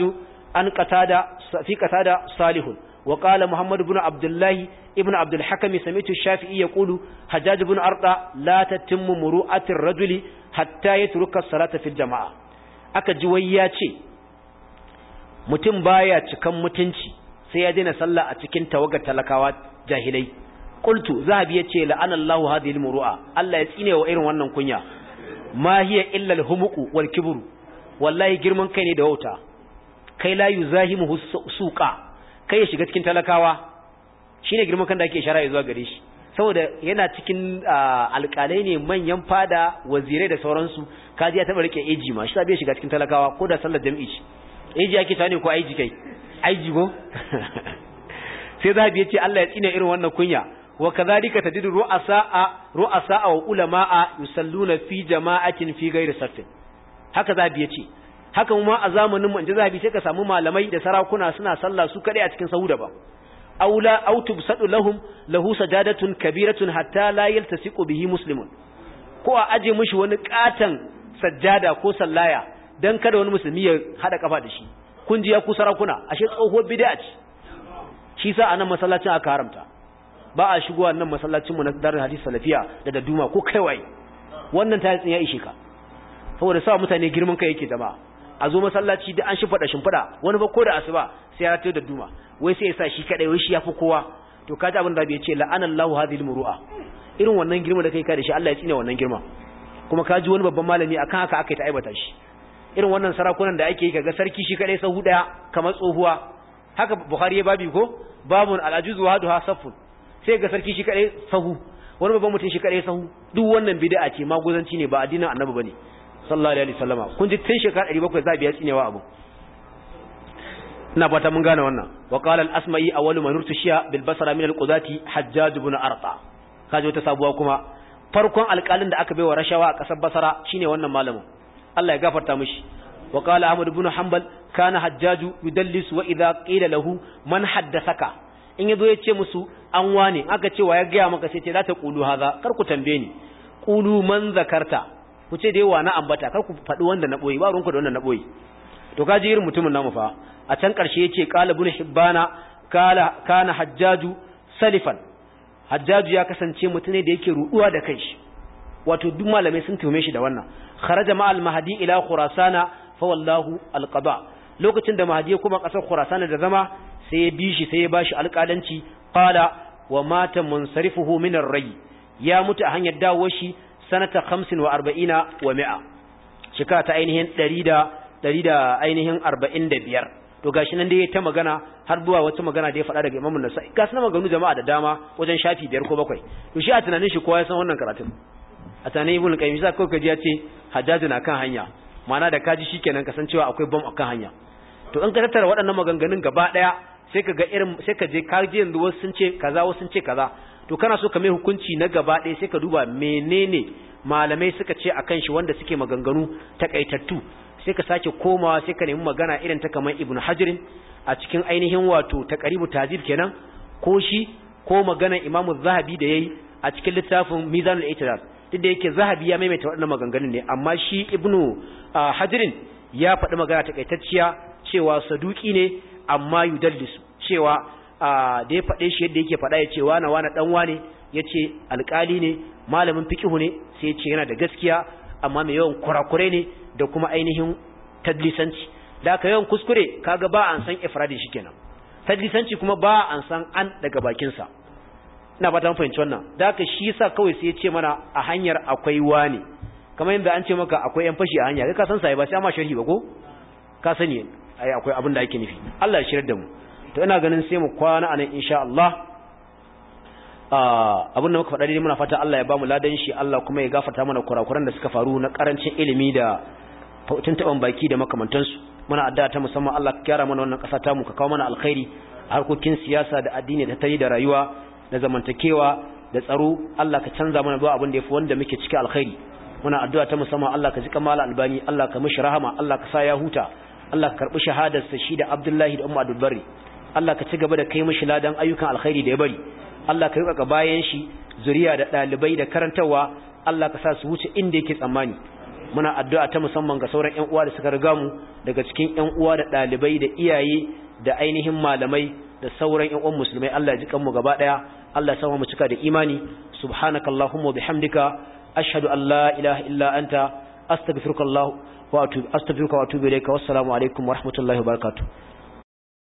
an qatada fi qatada salih wa qala muhammad ibn abdullah ibn abdul hakim sami'tu shafi'i yaqulu hajjaj ibn arda la tatimmu muru'atir rajuli hatta yatruka salata fi jama'a aka ji wai ya ce mutum baya cikan mutunci sai ya daina sallah a cikin tawagar talakawa jahilai qultu zahabi yace la anallahu hadhihi almuru'a Allah ya tsine wa irin wannan kunya ma hiya illa alhumuqu wal kibru wallahi girman kai ne da wauta kai la yuzahimu suqa kai ya shiga cikin talakawa shine girman kan da ake shara'i zuwa gare shi saboda yana cikin alƙalai ne manyan fada wazirai da sauransu kaji ya taba rike eji ma shi sabe shiga cikin talakawa ko da sallar jami'i eji ake tane ko aiji kai aiji go sai zabi yace Allah ya tsine irin wannan kunya wa kadhalika tadidu ru'asa'a ru'asa'a wa ulama'a yusalluna fi jama'atin fi ghairi saffin haka zabi yace haka ma a zamanin mu inda zabi sai ka samu malamai da sarakuna suna sallah su kaɗai a cikin sauda ba. aula aw tubsadu lahum lahu sajadatun kabiratun hatta la yaltasiqu bihi muslimun ko a aje mishi wani katan sajjada ko sallaya dan kada wani musulmi ya hada kafa da shi kun ji ya ku sarakuna ashe tsohuwar bid'a ce shi sa anan masallacin aka haramta ba a shigo wannan masallacin mu na darul hadith salafiya da duma ko kai wai. wannan ta tsin ya ishe ka saboda sa mutane girman kai yake jama'a a zo masallaci da an shimfada shimfada wani ba ko da asuba sai ya tayo duma. wai sai ya sa shi kadai wai shi yafi kowa to kaji abin da bai ce la'anallahu hadhil ruwa. irin wannan girma da kai ka da shi Allah ya tsine wannan girma kuma kaji wani babban malami akan haka aka ta aibata shi irin wannan sarakunan da ake yi kaga sarki shi kadai sahu daya kamar tsohuwa haka bukhari ya babi ko babun al wa haduha sai ga sarki shi kadai sahu wani babban mutum shi kadai sahu duk wannan bid'a ce maguzanci ne ba addinin annabi bane sallallahu alaihi wasallama kun ji tun shekara 700 zabi ya tsinewa abu ina fata mun gane wannan wa qala al-asma'i awwalu man urtushiya bil basra min al-qudati hajjaj ibn arta kaje wata sabuwa kuma farkon alƙalin da aka baiwa rashawa a ƙasar basra shine wannan malamin Allah ya gafarta mishi wa qala ahmad ibn hanbal kana hajjaju yudallis wa idha qila lahu man haddathaka in yazo ya ce musu an wane aka ce wa ya gaya maka sai ce za ta kulu haza kar ku tambaye ni kulu man zakarta ku ce dai wa na ambata kar ku faɗi wanda na boye ba ku da wanda na boye to ka kaji irin mutumin namu fa a can ƙarshe yace qala ibn hibbana kala kana hajjaju salifan hajjaju ya kasance mutune da yake ruduwa da kai wato duk malamai sun tume shi da wannan kharaja ma al ila khurasana fa wallahu al-qada lokacin da ya kuma kasar khurasana da zama sai ya bi shi sai ya ba shi alƙalanci qala wa mata munsarifuhu min ar-ray ya mutu a hanyar dawo shi sanata 45 wa mi'a shekara ta ainihin 100 da 100 da ainihin 45 to gashi nan dai ta magana har zuwa wata magana da ya faɗa daga Imam nasai ga sunan maganganu jama'a da dama wajen shafi biyar ko bakwai to shi a tunanin shi kowa ya san wannan karatun a tunanin Ibn Qayyim sai kawai kaji ya ce Hajjaj na kan hanya ma'ana da kaji shikenan kasancewa akwai bom akan hanya to in ka tattara waɗannan maganganun gaba ɗaya sai ka ga irin sai ka je ka ji yanzu wasu sun ce kaza wasu sun ce kaza to kana so ka mai hukunci na gaba ɗaya sai ka duba menene malamai suka ce akan shi wanda suke maganganu takaitattu sai ka sake komawa sai ka nemi magana irin ta kamar ibnu hajirin a cikin ainihin wato takaribu tazib kenan ko shi ko magana Imam zahabi da yayi a cikin littafin mizanul itidal duk da yake zahabi ya maimaita waɗannan maganganun ne amma shi ibnu ah, hajirin ya faɗi magana takaitacciya cewa saduki ne amma yudallisu cewa da ya faɗe shi yadda yake faɗa ya ce wane wane ɗan wane ya ce alƙali ne malamin fikihu ne sai ya ce yana da gaskiya amma mai yawan kurakure ne da kuma ainihin tadlisanci da ka yawan kuskure kaga ba an san ifradi shi kenan tadlisanci kuma ba an san an daga bakinsa ina ba ta fahimci wannan da ka shi yasa kawai sai ya ce mana a hanyar akwai wane kamar yadda an ce maka akwai yan fashi a hanya kai ka san sai ba sai amma sharhi ba ko ka sani ai akwai abin da ake nufi Allah ya shirye da mu to ina ganin sai mu kwana anan insha Allah ah, abin da muka faɗa dai muna fata Allah ya bamu ladan shi Allah kuma ya gafarta mana kurakuran da suka faru na karancin ilimi da tuntuban baki da makamantansu muna addu'a ta musamman Allah ka kyara mana wannan ƙasa ta mu ka kawo mana alkhairi harkokin siyasa da addini da tayi da rayuwa da zamantakewa da tsaro Allah ka canza mana zuwa abin da yafi wanda muke ciki alkhairi muna addu'a ta musamman Allah ka ji kamala albani Allah ka mishi rahama Allah ka sa ya huta Allah ka shahadar shahadarsa shi da Abdullahi da Ummu Abdulbari Allah ka ci gaba da kai mishi ladan ayyukan alkhairi da ya bari Allah ka yi bayan shi zuriya da ɗalibai da karantarwa Allah ka sa su wuce inda yake tsammani muna addu'a ta musamman ga sauran ƴan uwa da suka riga mu daga cikin ƴan uwa da ɗalibai da iyaye da ainihin malamai da sauran ƴan uwan musulmai Allah ya ji kanmu gaba ɗaya Allah ya sa mu cika da imani subhanakallahumma wa bihamdika ashhadu an la ilaha illa anta استغفرك الله واتوب استغفرك واتوب اليك والسلام عليكم ورحمه الله وبركاته